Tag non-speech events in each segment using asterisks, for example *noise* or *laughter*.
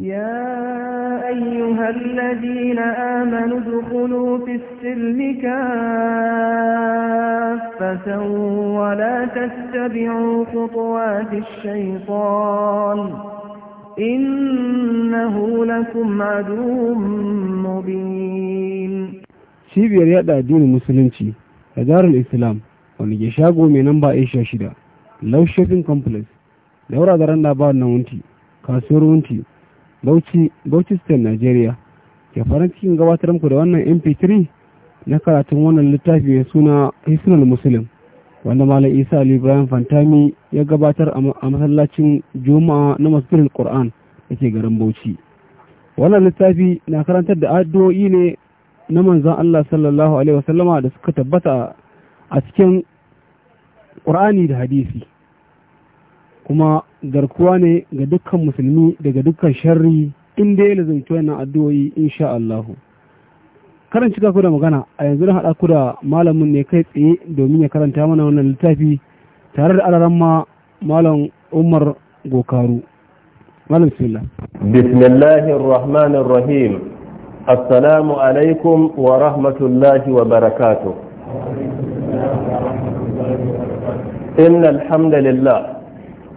يا أيها الذين آمنوا ادخلوا في السلم كافة ولا تتبعوا خطوات الشيطان إنه لكم عدو مبين cibiyar yada addinin musulunci da darul islam wanda ke shago mai namba asia shida love shopping complex daura da randa ba wannan wunti kasuwar wunti Bauchi, State, Nigeria. Ke farin cikin gabatar muku da wannan MP3 na karatun wannan littafi mai suna Hisnul Muslim, wanda Malam Isa Ali Ibrahim Fantami ya gabatar a masallacin Juma'a na Masjidil Qur'an da ke garin Bauchi. Wannan littafi na karantar da addu'o'i ne na manzon Allah sallallahu alaihi wasallama da suka tabbata a cikin Qur'ani da hadisi. Kuma garkuwa ne ga dukkan musulmi daga dukkan sharri inda dai ya zanci wannan addu'o'i insha Allah karan cika ku da magana a yanzu na haɗa ku da malamin ne kai tsaye domin ya karanta mana wannan littafi tare da alaran ma malam Umar Gokaru malam sula bismillahir rahmanir rahim assalamu alaikum wa rahmatullahi wa barakatuh inna alhamdulillah.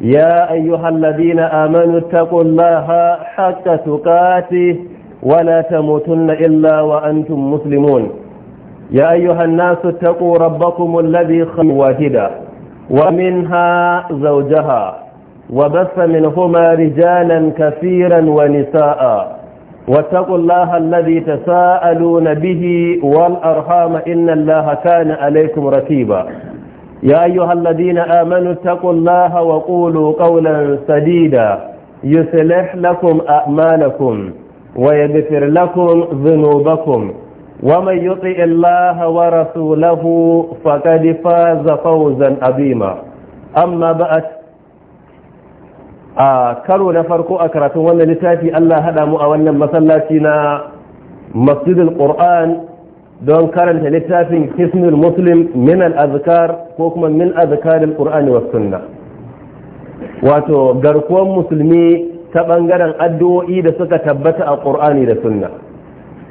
يا أيها الذين آمنوا اتقوا الله حق تقاته ولا تموتن إلا وأنتم مسلمون يا أيها الناس اتقوا ربكم الذي خلق واحدا ومنها زوجها وبث منهما رجالا كثيرا ونساء واتقوا الله الذي تساءلون به والأرحام إن الله كان عليكم رتيبا يا أيها الذين آمنوا اتقوا الله وقولوا قولا سديدا يصلح لكم أعمالكم ويغفر لكم ذنوبكم ومن يطع الله ورسوله فقد فاز فوزا عظيما أما بعد karo na farko a karatun wannan littafi Allah haɗa mu a wannan masallaci na masjidul Qur'an don karanta littafin hisnul muslim min al-azkar ko kuma min azkar al-qur'ani sunna wato garkuwan musulmi ta ɓangaren addu'o'i da suka tabbata a qur'ani da sunna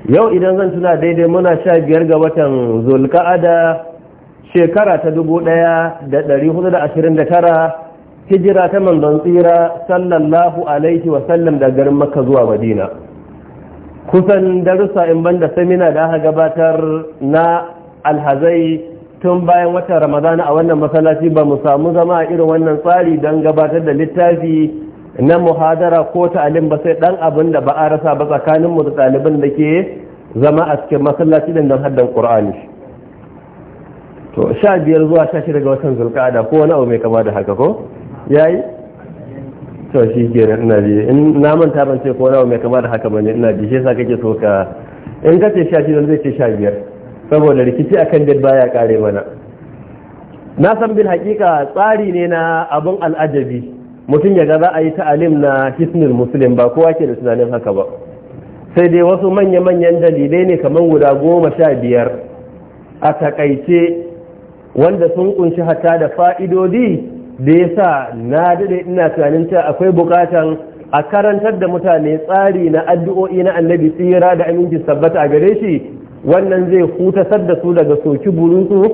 yau idan zan suna daidai muna sha biyar ga watan zulka'ada shekara ta dubu ɗaya da ɗari hudu da ashirin da tara hijira ta manzon tsira sallallahu alaihi wa sallam, da garin makka zuwa madina kusan darussa in banda samina da aka gabatar na alhazai tun bayan watan ramadana a wannan masallaci ba mu samu zama a irin wannan tsari don gabatar da littafi na muhadara ko ta'alim ba sai dan abin da ba a rasa ba tsakanin mu da ɗaliban da ke zama a cikin masallaci din don haddan qur'ani to sha biyar zuwa sha shida ga watan zulqa'ada ko wani abu mai kama da haka ko yayi to shi ke ina biye in na manta ban ce ko nawa mai kama da haka bane ina biye shi yasa kake so ka in ka ce a shi zai ce sha biyar saboda rikici akan dad baya kare mana na san bil hakika tsari ne na abun al'ajabi mutum ya ga za a yi ta'alim na hisnul muslim ba kowa ke da tunanin haka ba sai dai wasu manya-manyan dalilai ne kamar guda goma sha biyar a takaice wanda sun kunshi hata da fa'idodi da ya sa na daɗe ina tunanin ta akwai bukatan a karantar da mutane tsari na addu'o'i na annabi tsira da aminci sabbata a gare shi wannan zai hutasar da su daga soki burusu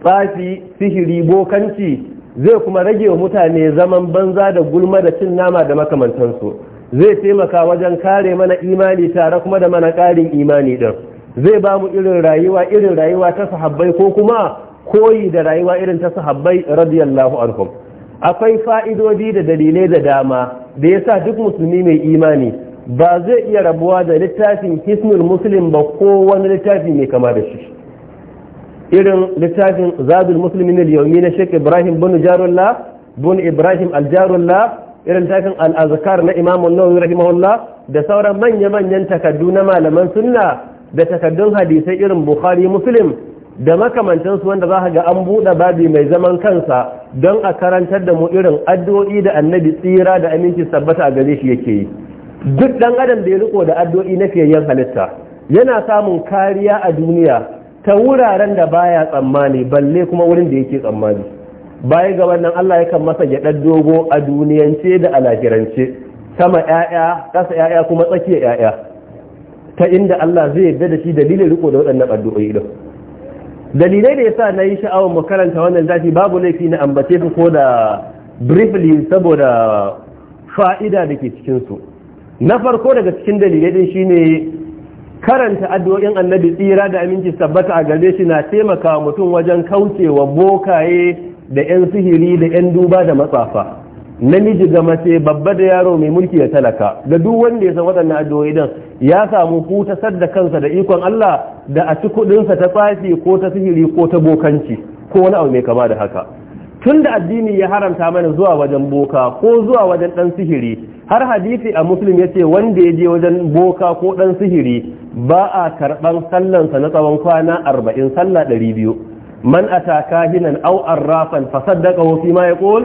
tsafi sihiri bokanci zai kuma rage wa mutane zaman banza da gulma da cin nama da makamantansu zai taimaka wajen kare mana imani tare kuma da mana ƙarin imani ɗin zai ba mu irin rayuwa irin rayuwa ta sahabbai ko kuma koyi da rayuwa irin ta sahabbai radiyallahu anhum akwai fa'idodi da dalilai da dama da yasa duk musulmi mai imani ba zai iya rabuwa da littafin hismul muslim ba ko wani littafi mai kama da shi irin littafin zadul muslimin al-yawmi na Sheikh Ibrahim bin Jarullah bin Ibrahim al-Jarullah irin littafin al-azkar na Imam an-Nawawi rahimahullah da sauran manya-manyan takaddu na malaman sunna da takaddun hadisai irin Bukhari Muslim da makamantansu wanda za ga an buɗe babi mai zaman kansa don a karantar da mu irin addu'o'i da annabi tsira da aminci sabbata a gare shi yake yi duk ɗan adam da ya riko da addu'o'i na fiyayyen halitta yana samun kariya a duniya ta wuraren da baya tsammani balle kuma wurin da yake tsammani baya ga wannan Allah ya kan masa gyaɗar dogo a duniyance da a sama 'ya'ya ƙasa 'ya'ya kuma tsakiyar 'ya'ya ta inda Allah zai yarda da shi dalilin riko da waɗannan addu'o'i din dalilai da ya sa na yi sha'awar mu karanta wannan zafi babu laifi na ambace su ko da briefly saboda fa'ida da ke cikinsu na farko daga cikin dalilai din shine karanta addu'o'in annabi tsira da aminci tabbata a gare shi na taimakawa mutum wajen kaucewa bokaye da 'yan sihiri da 'yan duba da matsafa namiji ga mace babba da yaro mai mulki da talaka da duk wanda ya san waɗannan addu'o'i din ya samu hutasar da kansa da ikon Allah da a ci kudinsa ta tsafi ko ta sihiri ko ta bokanci ko wani abu mai kama da haka tun da addini ya haramta mana zuwa wajen boka ko zuwa wajen ɗan sihiri har hadisi a muslim ya ce wanda ya je wajen boka ko ɗan sihiri ba a karɓan sallansa na tsawon kwana arba'in sallah ɗari biyu man ata kahinan au arrafan fasaddaka fi ma ya ƙol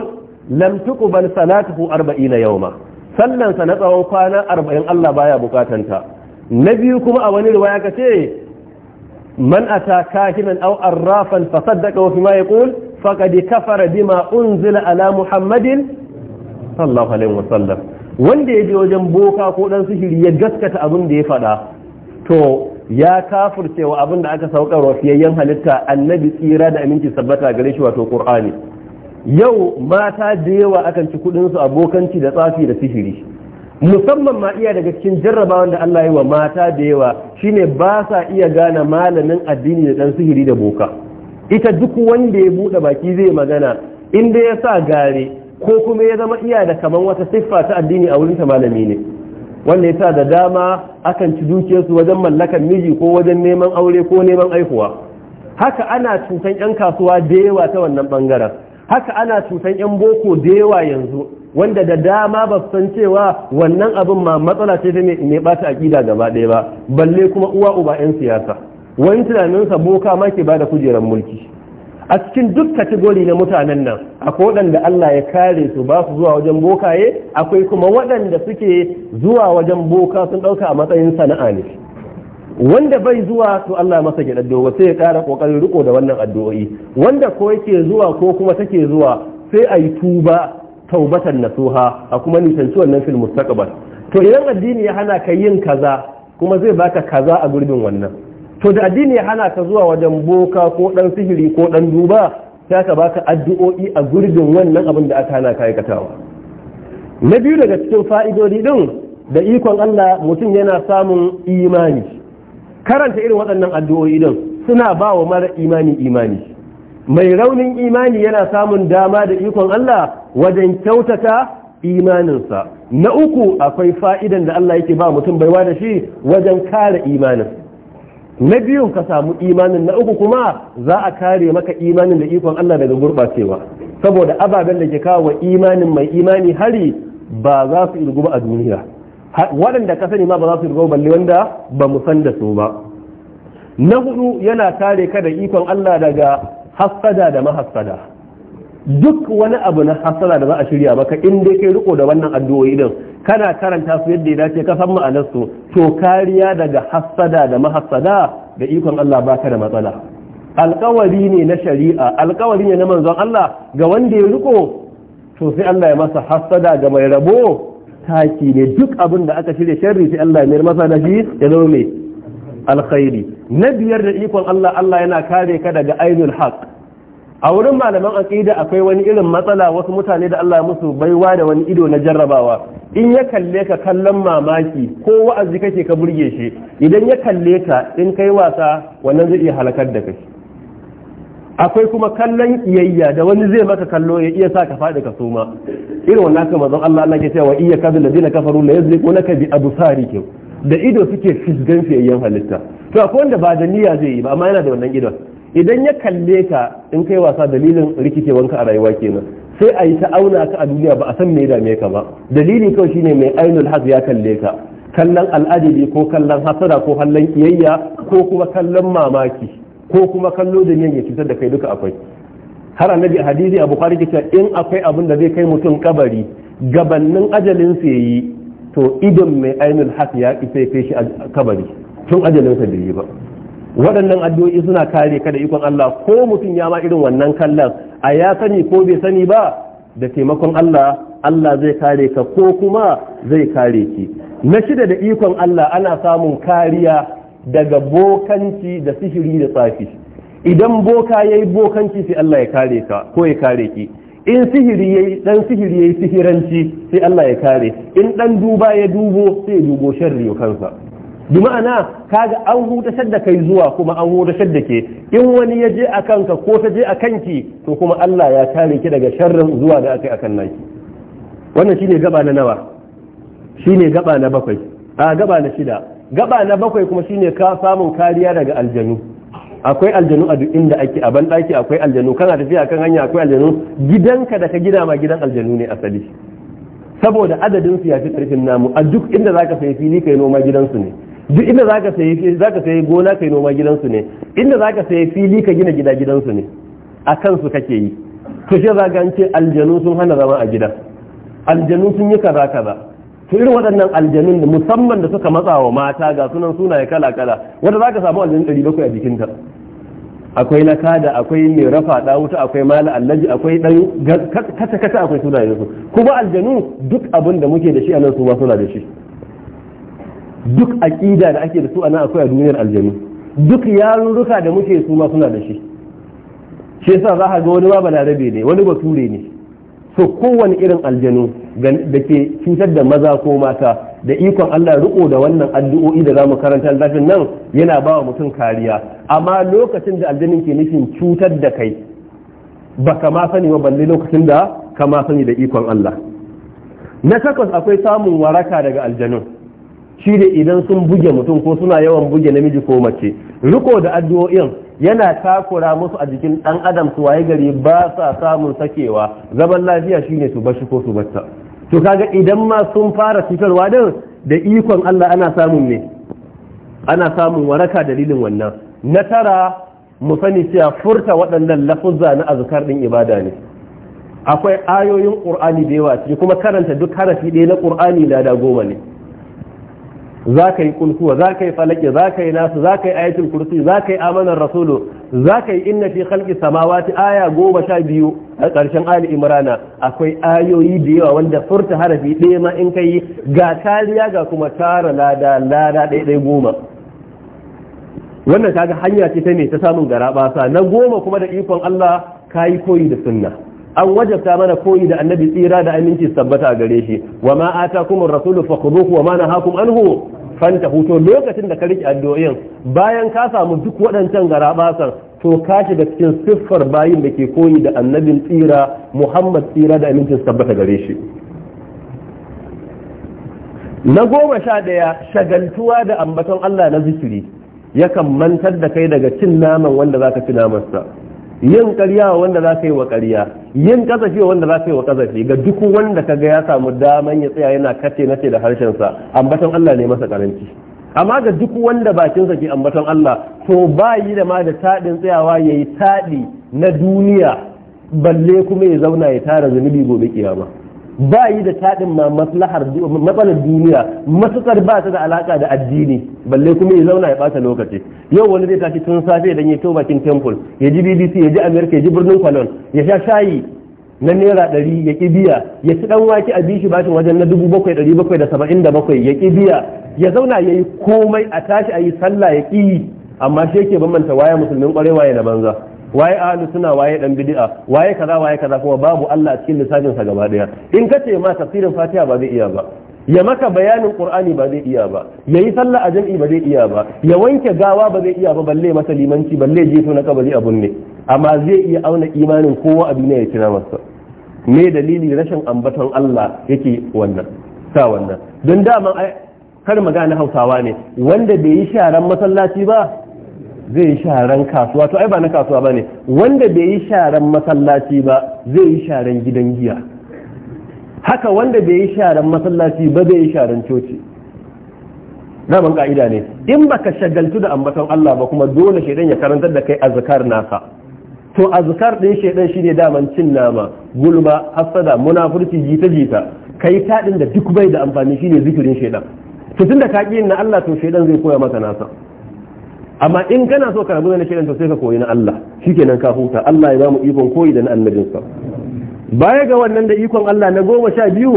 lam tuqbal salatuhu arba'ina yawma sallansa na tsawon kwana arba'in Allah baya bukatanta na biyu kuma a wani riwaya ka ce man ata kahinan aw arrafan fa saddaqa wa fima yaqul faqad kafara bima unzila ala muhammadin sallallahu alaihi wasallam wanda ya je wajen boka ko dan sihiri ya gaskata abin da ya faɗa to ya kafirce wa abin aka saukar wa fiyayyen halitta annabi tsira da aminci sabbata gare shi wato qur'ani yau mata da yawa akan ci kudin su abokanci da tsafi da sihiri musamman ma iya daga cikin jarrabawan da Allah yi wa mata da yawa shine ba sa iya gane malamin addini da dan sihiri da boka ita duk wanda ya bude baki zai magana inda ya sa gare ko kuma ya zama iya da kaman wata siffa ta addini a wurin ta malami ne wanda ya sa da dama akan ci dukiyarsu wajen mallakar miji ko wajen neman aure ko neman aihuwa haka ana cutan 'yan kasuwa da yawa ta wannan bangaren haka ana cutan yan boko da yawa yanzu wanda da dama ba san cewa wannan abin ma matsala ce ta mai bata aƙida gaba ɗaya ba balle kuma uwa uba yan siyasa wani tunaninsa boka ma ke da kujerar mulki a cikin duk kategori na mutanen nan akwai waɗanda Allah ya kare su ba su zuwa wajen bokaye akwai kuma waɗanda suke zuwa wajen boka sun ɗauka a matsayin sana'a ne wanda bai zuwa to Allah masa ya ba sai ya kara kokarin riko da wannan addu'o'i wanda ko yake zuwa ko kuma take zuwa sai a tuba taubatan nasuha a kuma nisanci wannan fil mustaqbal to idan addini ya hana ka yin kaza kuma zai baka kaza a gurbin wannan to da addini ya hana ka zuwa wajen boka ko dan sihiri ko dan duba sai ka baka addu'o'i a gurbin wannan abin da aka hana ka aikatawa na biyu daga cikin fa'idodi din da ikon Allah mutum yana samun imani karanta irin waɗannan addu'o'i din suna ba wa mara imani imani mai raunin imani yana samun dama da ikon Allah wajen kyautata imaninsa na uku akwai fa'idan da Allah yake ba mutum baiwa da shi wajen kare imanin na biyun ka samu imanin na uku kuma za a kare maka imanin da ikon Allah daga gurɓacewa saboda ababen da ke kawo imanin mai imani hari ba za su irgu ba a duniya waɗanda ka sani ma ba za su rigo balle wanda ba mu san da su ba na hudu yana kare ka da ikon Allah daga hassada da mahassada duk wani abu na hassada da za a shirya maka in dai kai riko da wannan addu'o'i din kana karanta su yadda ya dace ka san ma'anar su to kariya daga hasada da mahasada da ikon Allah baka da matsala alkawari ne na shari'a alkawari ne na manzon Allah ga wanda ya riko to sai Allah ya masa hassada ga mai rabo taki ne duk abin da aka shirya sharri sai Allah mai masa da shi ya zama mai alkhairi na biyar da ikon Allah Allah yana kare ka daga ainul haq a wurin malaman aqida akwai wani irin matsala wasu mutane da Allah musu baiwa da wani ido na jarrabawa in ya kalle ka kallon mamaki ko wa'azi kake ka burge shi idan ya kalle ka in kai wasa wannan zai iya halakar da kai akwai kuma kallon kiyayya da wani zai maka kallo ya iya sa ka faɗi ka suma irin wannan haka manzon Allah Allah ke cewa iya kadul ladina kafaru la yazliqunaka bi sari kyau da ido suke fisgan fiyayyen halitta to akwai wanda ba da niyya zai yi ba amma yana da wannan idon idan ya kalle ka in kai wasa dalilin rikice wanka a rayuwa kenan sai a yi ta auna ka a duniya ba a san me dame ka ba dalili kawai shine mai ainul haz ya kalle ka kallon al'ajabi ko kallon hasara ko kallon kiyayya ko kuma kallon mamaki ko kuma kallo da yin ya cutar da kai duka akwai har annabi a hadisi a bukhari ke in akwai abin da zai kai mutum kabari gabannin ajalin sa yayi to idon mai ainul haq ya sai kai shi kabari tun ajalin sa bai yi ba waɗannan addu'o'i suna kare ka da ikon Allah ko mutum ya ma irin wannan kallon a ya sani ko bai sani ba da taimakon Allah Allah zai kare ka ko kuma zai kare ki na shida da ikon Allah ana samun kariya daga bokanci da sihiri da tsafi idan boka yi bokanci sai Allah ya kare ka ko ya kare ki in sihiri yayi dan sihiri ya yi sihiranci sai Allah ya kare in dan duba ya dubo sai ya dubo sharri kansa bi ma'ana kaga an huta da kai zuwa kuma an huta da ke in wani ya je a kanka ko ta je a kanki to kuma Allah ya kare ki daga sharrin zuwa da akai akan naki wannan shine gaba na nawa shine gaba na bakwai a gaba na shida gaba na bakwai kuma shine ka samun kariya daga aljanu akwai aljanu a duk inda ake a banɗaki akwai aljanu kana tafiya kan hanya akwai aljanu gidanka da ka gida ma gidan aljanu ne asali saboda adadin su ya fi karfin namu a duk inda zaka sayi fili kai noma gidansu ne duk inda zaka sayi zaka sayi gona kai noma gidansu ne inda zaka sayi fili ka gina gida gidansu ne a kansu kake yi to shi zaka ce aljanu sun hana zama a gida aljanu sun yi kaza kaza to irin waɗannan aljanun musamman da suka matsa wa mata ga sunan sunaye kala kala wanda za ka samu aljanun bakwai a jikinta akwai na kada akwai mai rafa da wuta akwai mala allaji akwai dan kata kata akwai sunayen su kuma aljanu duk abin da muke da shi nan su ba suna da shi duk aqida da ake da su a nan akwai a duniyar aljanu duk yarurruka da muke su ma suna da shi shi yasa za ka ga wani ma balarabe ne wani bature ne so kowane irin aljanu da ke cutar da maza ko mata da ikon Allah riko da wannan addu'o'i da zamu karanta lafin nan yana ba wa mutum kariya amma lokacin da aljanin ke nufin cutar da kai baka ma sani ba balle lokacin da ka ma sani da ikon Allah na takwas akwai samun waraka daga aljanun shi da idan sun buge mutum ko suna yawan buge namiji ko mace riko da addu'o'in yana takura musu a jikin dan adam su waye gari ba sa samun sakewa zaman lafiya shine su bashi ko su batta to kaga idan ma sun fara cutarwa din da ikon Allah ana samun ne ana samun waraka dalilin wannan na tara mu sani cewa furta waɗannan lafuzza na azkar din ibada ne akwai ayoyin qur'ani da yawa kuma karanta duk harafi ɗaya na qur'ani da da goma ne za ka yi kulkuwa za ka yi falaki za ka yi nasu za ka yi ayatul kursi za ka yi amanar rasulu za ka yi inna fi khalqi samawati aya goma sha biyu a ƙarshen ali imrana akwai ayoyi da yawa wanda furta harafi ɗaya ma in ka yi ga kariya ga kuma tara lada lada ɗaya ɗaya goma wannan kaga hanya ce ta ne ta samun garaɓasa na goma kuma da ikon Allah ka yi koyi da sunna an wajabta mana koyi da annabi tsira da aminci tabbata a gare shi wa ma atakum ar-rasul fakhuduhu wa ma nahakum anhu Fanta hutu lokacin da ka rike addu'o'in bayan ka samu duk waɗancan garabasan to ka da cikin siffar bayin da ke koyi da annabin tsira Muhammad tsira da aminci tabbata gare shi na goma sha ɗaya shagaltuwa da ambaton Allah na zikiri yakan mantar da kai daga cin naman wanda zaka ci namansa yin ƙarya wanda za ka yi wa karya yin kasafi wanda za ka yi wa kasafi ga duk wanda kaga ya samu daman ya tsaya yana kace nace da harshensa ambaton Allah ne masa karanci amma ga duk wanda bakinsa ke ambaton Allah to ba yi da ma da taɗin tsayawa ya yi taɗi na duniya balle kuma ya zauna ya tara zunubi gobe kiyama ba yi da taɗin ma maslahar matsalar duniya matuƙar ba ta da alaƙa da addini balle kuma ya zauna ya ɓata lokaci yau wani zai tashi tun safe dan ya to bakin temple ya ji bbc ya ji amerika ya ji birnin kwalon ya sha shayi na naira ɗari ya ƙi biya ya ci ɗan wake a bishi bashin wajen na dubu bakwai ɗari bakwai da saba'in da bakwai ya ƙi biya ya zauna ya yi komai a tashi a yi sallah ya ƙi amma shi yake bambanta waya musulmin ƙwarewa ya na banza waye ahlus suna waye dan bid'a waye kaza waye kaza kuma babu Allah a cikin lissafin sa gaba daya in kace ma tafsirin Fatiha ba zai iya ba ya maka bayanin qur'ani ba zai iya ba ya yi sallah a jam'i ba zai iya ba ya wanke gawa ba zai iya ba balle masa limanci balle to na kabari abun ne amma zai iya auna imanin kowa a duniya ya kira masa me dalili rashin ambaton Allah yake wannan sa wannan don dama kar magana hausawa ne wanda bai yi sharan masallaci ba zai yi sharan kasuwa to ai ba na kasuwa ba ne wanda bai yi sharan masallaci ba zai yi sharan gidan giya haka wanda bai yi sharan masallaci ba zai yi sharan coci ban ka'ida ne in baka shagaltu da ambaton Allah ba kuma dole shaidan ya karantar da kai azkar naka to azkar din shaidan shine daman cin nama gulma hasada munafurci jita jita kai tadin da duk bai da amfani shine zikirin shaidan to tunda ka na Allah to shaidan zai koya maka nasa amma in kana so ka rabu da kiran to sai ka koyi na Allah shikenan ka huta Allah ya ba mu ikon koyi da na sa baya ga wannan da ikon Allah na goma sha biyu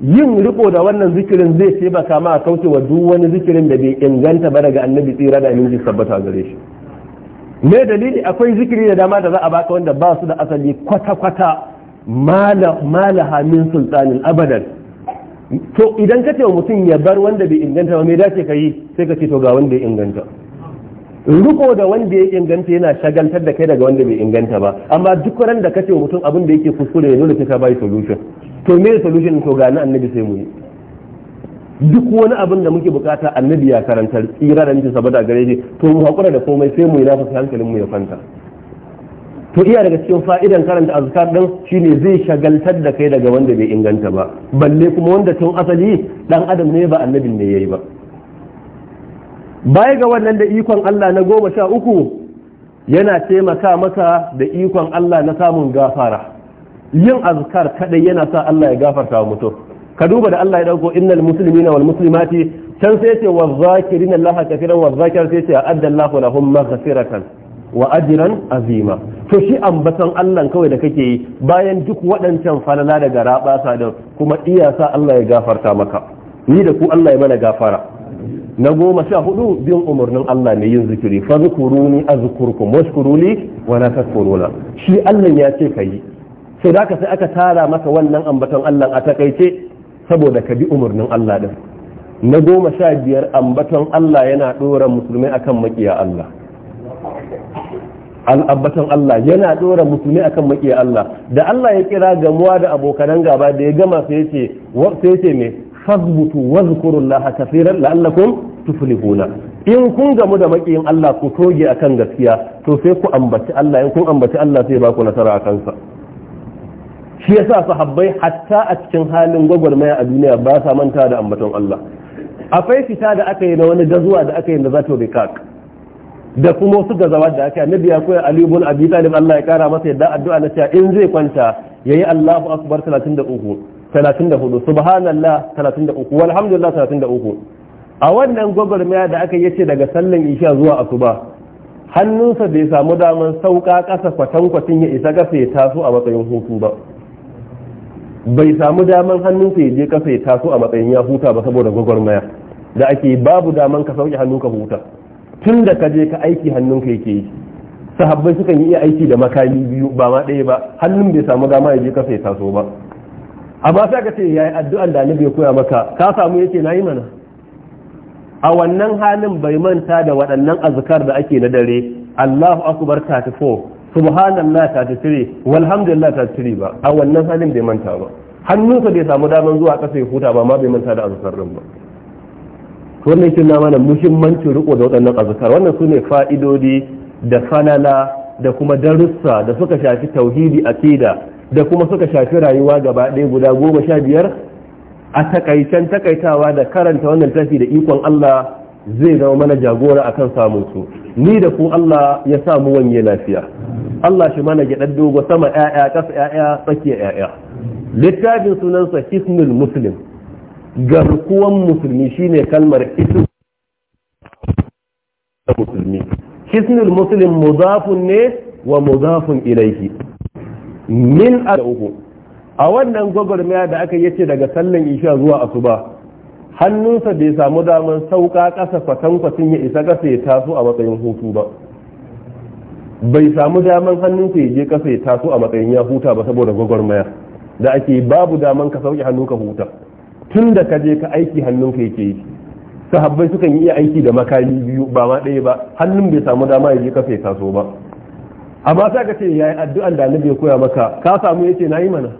yin riko da wannan zikirin zai taimaka ma a kauce wa duk wani zikirin da bai inganta ba daga annabi tsira da aminci tabbata gare shi me dalili akwai zikiri da dama da za a baka wanda ba su da asali kwata-kwata malaha min sultanin abadan to idan ka ce wa mutum ya bar wanda bai inganta ba me dace ka yi sai ka ce to ga wanda ya inganta riko da wanda ya inganta yana shagaltar da kai daga wanda bai inganta ba amma duk ran da kace mutum abin da yake kuskure ya nuna sai ka bai solution to me solution to ga nan annabi sai mu yi duk wani abin da muke bukata annabi ya karantar tsira da mutum saboda gare shi to mu hakura da komai sai mu yi nafasa hankalin mu ya kwanta to iya daga cikin fa'idan karanta azkar din shine zai shagaltar da kai daga wanda bai inganta ba balle kuma wanda tun asali dan adam ne ba annabin ne yayi ba baya ga wannan da ikon Allah na goma sha uku yana taimaka maka da ikon Allah na samun gafara yin azkar kadai yana sa Allah ya gafarta wa mutum ka duba da Allah ya dauko innal muslimina wal muslimati can sai ce wa zakirina Allah kafiran wa zakir sai ce adda Allahu lahum maghfiratan wa ajran azima to shi ambaton Allah kawai da kake yi bayan duk waɗancan falala da garaba rabasa da kuma iya sa Allah ya gafarta maka ni da ku Allah ya mana gafara na goma sha hudu bin umarnin Allah ne yin zikiri fa zukuruni azkurkum washkuruli wa la tashkuruna shi Allah ya ce kai sai da sai aka tara maka wannan ambaton Allah a takaice saboda ka bi umarnin Allah din na goma sha biyar ambaton Allah yana dora musulmi akan makiya Allah al'abbatan Allah yana ɗora musulmi akan maƙiya Allah da Allah ya kira gamuwa da abokan gaba da ya gama sai ce sai ce me fazbutu wazkurullaha kaseeran la'allakum tuflihuna in kun gamu da makiyin Allah ku toge akan gaskiya to sai ku ambaci Allah in kun ambaci Allah sai ba ku nasara a kansa shi yasa sahabbai hatta a cikin halin gwagwarmaya a duniya ba sa manta da ambaton Allah akwai fita da aka yi na wani gazuwa da aka yi na zato bikak da kuma wasu gazawa da aka yi annabi ya koya Ali ibn Abi Talib Allah ya kara masa yadda addu'a na cewa in zai kwanta yayi Allahu akbar 33 34 subhanallah 33 walhamdulillah 33 a wannan gwagwarmaya da aka yace daga sallan isha zuwa asuba hannunsa bai samu daman sauka ƙasa kwatankwacin ya isa ƙasa ya taso a matsayin hutu ba bai samu daman hannunsa ya je ƙasa ya taso a matsayin ya huta ba saboda gwagwarmaya da ake babu daman ka sauke hannunka ka huta tun da ka je ka aiki hannunka yake yi sahabbai sukan yi aiki da makami biyu ba ma ɗaya ba hannun bai samu dama ya je ƙasa ya taso ba amma sai ka ce ya yi addu'an da annabi ya koya maka ka samu na yi mana a wannan halin bai manta da waɗannan azkar da ake na dare Allahu akubar 34 subhanallah 33 walhamdulillah 33 ba a wannan halin bai manta ba hannunsa bai samu daman zuwa kasa ya huta ba ma bai manta da azkar din ba wannan shi na mana muhimmancin riko da waɗannan azkar wannan su ne fa'idodi da fanala da kuma darussa da suka shafi tauhidi aqida da kuma suka shafi rayuwa gaba ɗaya guda goma sha biyar a takaicen takaitawa da karanta wannan tafi da ikon Allah zai zama mana jagora akan samun su ni da ku Allah ya samu wanye lafiya Allah shi mana gyaɗar dogo sama ƴaƴa ƙasa ƴaƴa tsakiya ƴaƴa littafin sunansa hisnul muslim garkuwan musulmi shine kalmar hisnul musulmi hisnul muslim mudafun ne wa mudafun ilayhi min a uku a wannan gwagwarmaya da aka yace daga sallan isha zuwa asuba hannunsa bai samu daman sauka ƙasa kwatankwatin ya isa ƙasa ya taso a matsayin hutu ba bai samu daman hannunsa ya je ƙasa ya taso a matsayin ya huta ba saboda gwagwarmaya da ake babu daman ka sauki hannu ka huta tun da ka je ka aiki hannunka yake yi sahabbai sukan yi aiki da makami biyu ba ma ɗaya ba hannun bai samu dama ya je ƙasa ya taso ba amma sai ka ce yayi addu'an da annabi ya koya maka ka samu yace nayi mana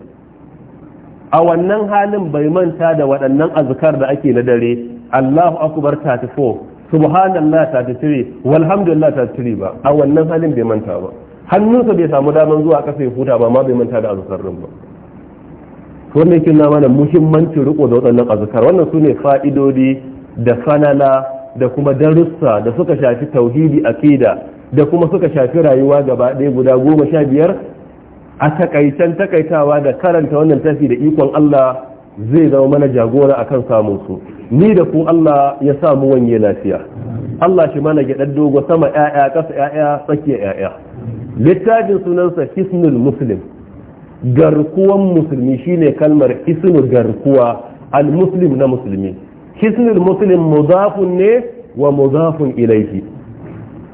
a wannan halin bai manta da waɗannan azkar da ake na dare Allahu akbar 34 subhanallah 33 walhamdulillah 33 ba a wannan halin bai manta ba hannunsa bai samu daman zuwa kasa ya huta ba amma bai manta da azkar ba wannan yake nama mana muhimmancin riko da waɗannan azkar wannan su ne fa'idodi da fanala da kuma darussa da suka shafi tauhidi akida da kuma suka shafi rayuwa gaba ɗaya guda goma sha biyar a takaitan takaitawa da karanta wannan tafi da ikon Allah zai zama mana jagora a kan samun su ni da ku Allah ya samu wanye lafiya Allah shi mana gyaɗar dogo sama ‘ya'ya ƙasa ‘ya'ya tsakiya ‘ya'ya littafin sunansa hisnul muslim garkuwan musulmi shine kalmar hisnul garkuwa al-muslim na musulmi hisnul muslim mudafun ne wa mudafun ilaihi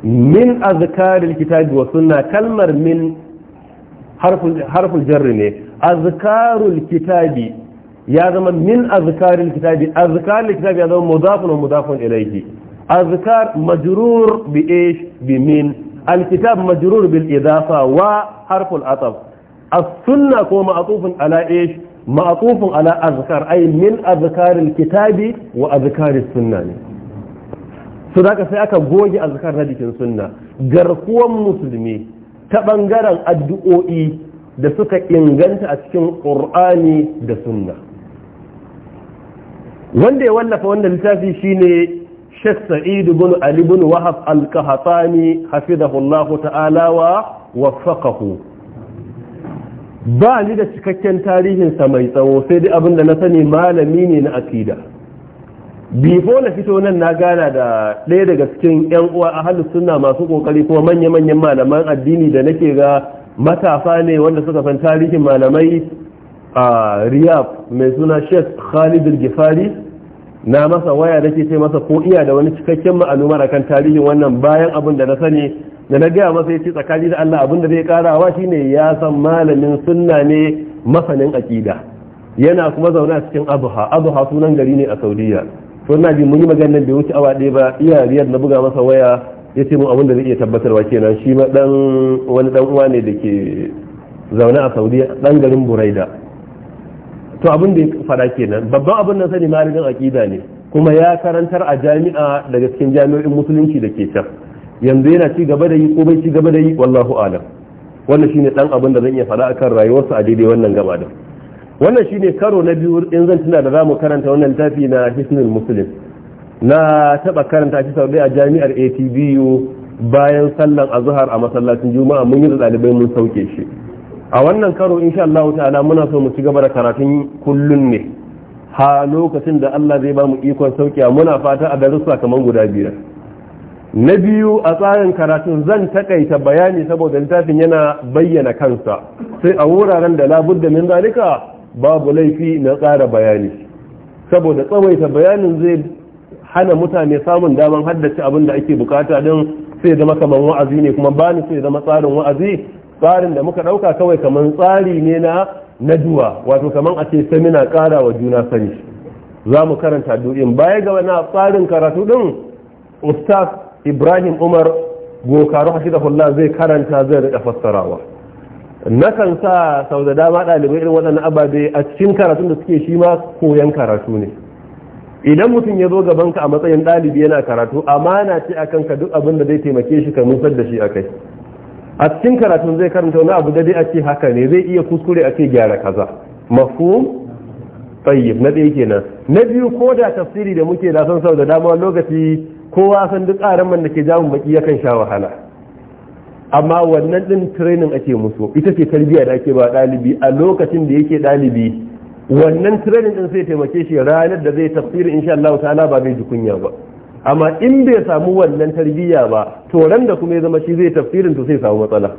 min azkaril kitabi wa sunna kalmar min harful jarri ne azkarul kitabi ya zama min azkaril kitabi azkaril kitabi ya zama mudafun wa mudafun ilayhi azkar majrur bi ish bi min alkitab majrur bil idafa wa harful ataf as-sunna kuma ma'tufun ala ish ma'tufun ala azkar ay min azkaril kitabi wa azkaris sunna ne to da sai aka goge azkar na jikin sunna garkuwan musulmi ta ɓangaren addu'o'i da suka inganta a cikin ƙur'ani da sunna wanda ya wallafa wannan littafi shine Sheikh Sa'id ibn Ali ibn Wahab al da hafizahullahu ta'ala wa waffaqahu ba ni da cikakken tarihinsa mai tsawo sai dai abin da na sani malami ne na akida bifo na fito nan na gana da ɗaya daga cikin 'yan uwa a halin suna masu kokari kuma manya-manyan malaman addini da nake ga matafa ne wanda suka san tarihin malamai a riyab mai suna sheikh khalid gifari na masa waya da ke ce masa ko iya da wani cikakken ma'alumar akan tarihin wannan bayan abin da na sani da na gaya masa ya ce tsakani da allah abin da zai karawa shine ya san malamin sunna ne masanin aƙida yana kuma zaune a cikin abuha abuha sunan gari ne a saudiya to na ji mun yi maganar bai wuce awa ɗaya ba iya riyar na buga masa waya ya ce mun abin da zai iya tabbatarwa kenan shi ma dan wani dan uwa ne da ke zaune a saudiya dan garin buraida to abin da ya faɗa kenan babban abin nan sani malamin aqida ne kuma ya karantar a jami'a daga cikin jami'o'in musulunci da ke can yanzu yana ci gaba da yi ko bai ci gaba da yi wallahu alam wannan shine dan abin da zan iya faɗa akan rayuwarsa a daidai wannan gaba da wannan shi ne karo na biyu in zan tuna da zamu karanta wannan littafi na hisnul muslim na taba karanta shi sau a jami'ar atbu bayan sallan azhar a masallacin juma'a mun yi da ɗalibai mun sauke shi a wannan karo insha Allah ta'ala muna so mu ci gaba da karatun kullum ne ha lokacin da Allah zai ba mu ikon sauki muna fata a darussa kamar guda biyar na biyu a tsarin karatun zan takaita bayani saboda littafin yana bayyana kansa sai a wuraren da labudda min zalika babu laifi na tsara bayani saboda tsawaita bayanin zai hana mutane samun damar haddace abin da ake bukata don sai zama kamar wa'azi ne kuma bani sai zama tsarin wa'azi tsarin da muka ɗauka kawai kamar tsari ne na naduwa wato kamar a ce samina kara wa juna sani za mu karanta du'in baya ga wani tsarin karatu din ustaz ibrahim umar gokaru hasidahullah zai karanta zai rika fassarawa nakan sa sau da dama ɗalibai irin waɗannan ababe a cikin karatun da suke shi ma koyan karatu ne idan mutum ya zo gaban ka a matsayin ɗalibi yana karatu amana ce akan ka duk abin da zai taimake shi ka nusar da shi a kai. a cikin karatun zai karanta wani abu da dai ce haka ne zai iya kuskure a ce gyara kaza mafhum tsayyib na ɗaya kenan na biyu ko da tafsiri da muke da san sau da dama lokaci kowa san duk ƙaran man da ke jamun baki yakan sha wahala amma wannan din training ake musu ita ce tarbiyya da ake ba dalibi a lokacin da yake dalibi wannan training din sai taimake shi ranar da zai tafsiri insha Allah ta'ala ba zai ji ba amma in bai samu wannan tarbiyya ba to ran da kuma ya zama shi zai tafsirin to sai samu matsala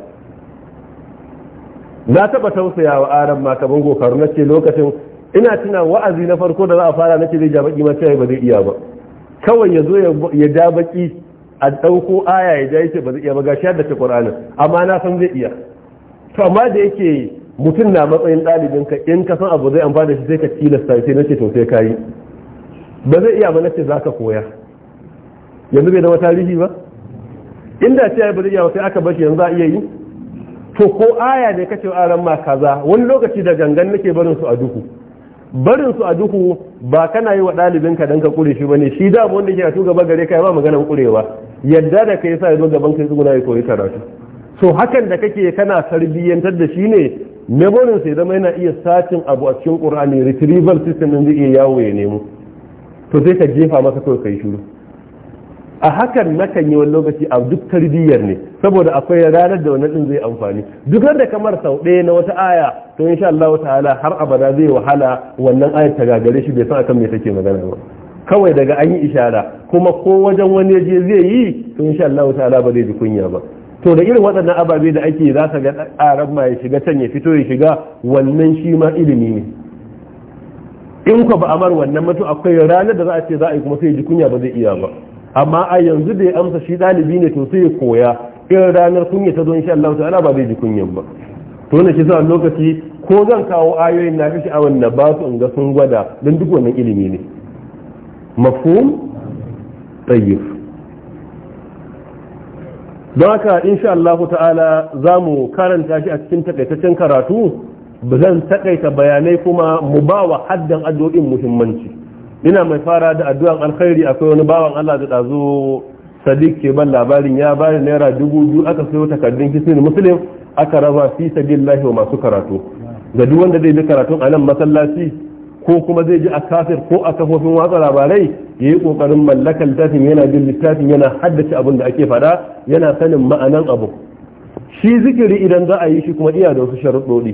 na taba tausaya wa aran ma kaman gokaru na ce lokacin ina tuna wa'azi na farko da za a fara na ce zai ja baki ma sai ba zai iya ba kawai ya zo ya ja baki a ɗauko aya ya ja yake ba zai iya ba gashi da ke ƙur'anin amma na san zai iya to amma da yake mutum na matsayin ɗalibin ka in ka san abu zai amfana shi sai ka tilasta sai ce to sai yi. ba zai iya ba na ce za ka koya yanzu bai zama tarihi ba inda ce ba zai iya ba sai aka bashi yanzu za a iya yi to ko aya ne kace ran ma kaza wani lokaci da gangan nake barin su a duhu barin su a duhu ba kana yi wa ɗalibinka dan ka kure shi ba ne shi da wanda ke a tuga gaba gare ka ba maganan kurewa yadda da ka yi sa ya zo gaban kai tsuguna ya koyi karatu so hakan da kake kana tarbiyyantar da shi ne memorin sai zama yana iya satin abu a cikin qur'ani retrieval system din zai iya yawo ya nemo to sai ka jefa masa kawai kai shiru a hakan na kan yi wani lokaci a duk tarbiyyar ne saboda akwai ranar da wannan din zai amfani duk da kamar sau ɗaya na wata aya to insha Allah ta'ala har abada zai wahala wannan ayar ta gagare shi bai san akan me take magana ba kawai daga an yi ishara kuma ko wajen wani je zai yi to insha Allah ta'ala ba zai ji kunya ba to da irin waɗannan ababe da ake za ka ga arab ma ya shiga can ya fito ya shiga wannan shi ma ilimi ne in ku ba amar wannan mutu akwai ranar da za a ce za a yi kuma sai ji kunya ba zai iya ba amma a yanzu da ya amsa shi ɗalibi ne to sai ya koya in ranar kunya ta zo insha Allah ta'ala ba zai ji kunyan ba to ne kisa lokaci ko zan kawo ayoyin na fi sha'awar na ba su in ga sun gwada don duk wannan ilimi ne mafhum tayyib don haka insha Allah ta'ala zamu karanta shi a cikin takaitaccen karatu zan takaita bayanai kuma mu ba wa haddan addu'o'in muhimmanci ina mai fara da addu'an alkhairi akwai wani bawan Allah da ɗazu sadiq ke ban labarin ya bani naira dubu biyu aka sayo takardun hisnul muslim aka raba fi sabilillahi wa masu karatu ga duk wanda zai bi karatun a nan masallaci ko kuma zai ji a kafir ko a kafofin watsa labarai ya yi kokarin mallakar littafin yana bin littafin yana haddace abin da ake fada yana sanin ma'anan abu shi zikiri idan za a yi shi kuma iya da wasu sharuɗoɗi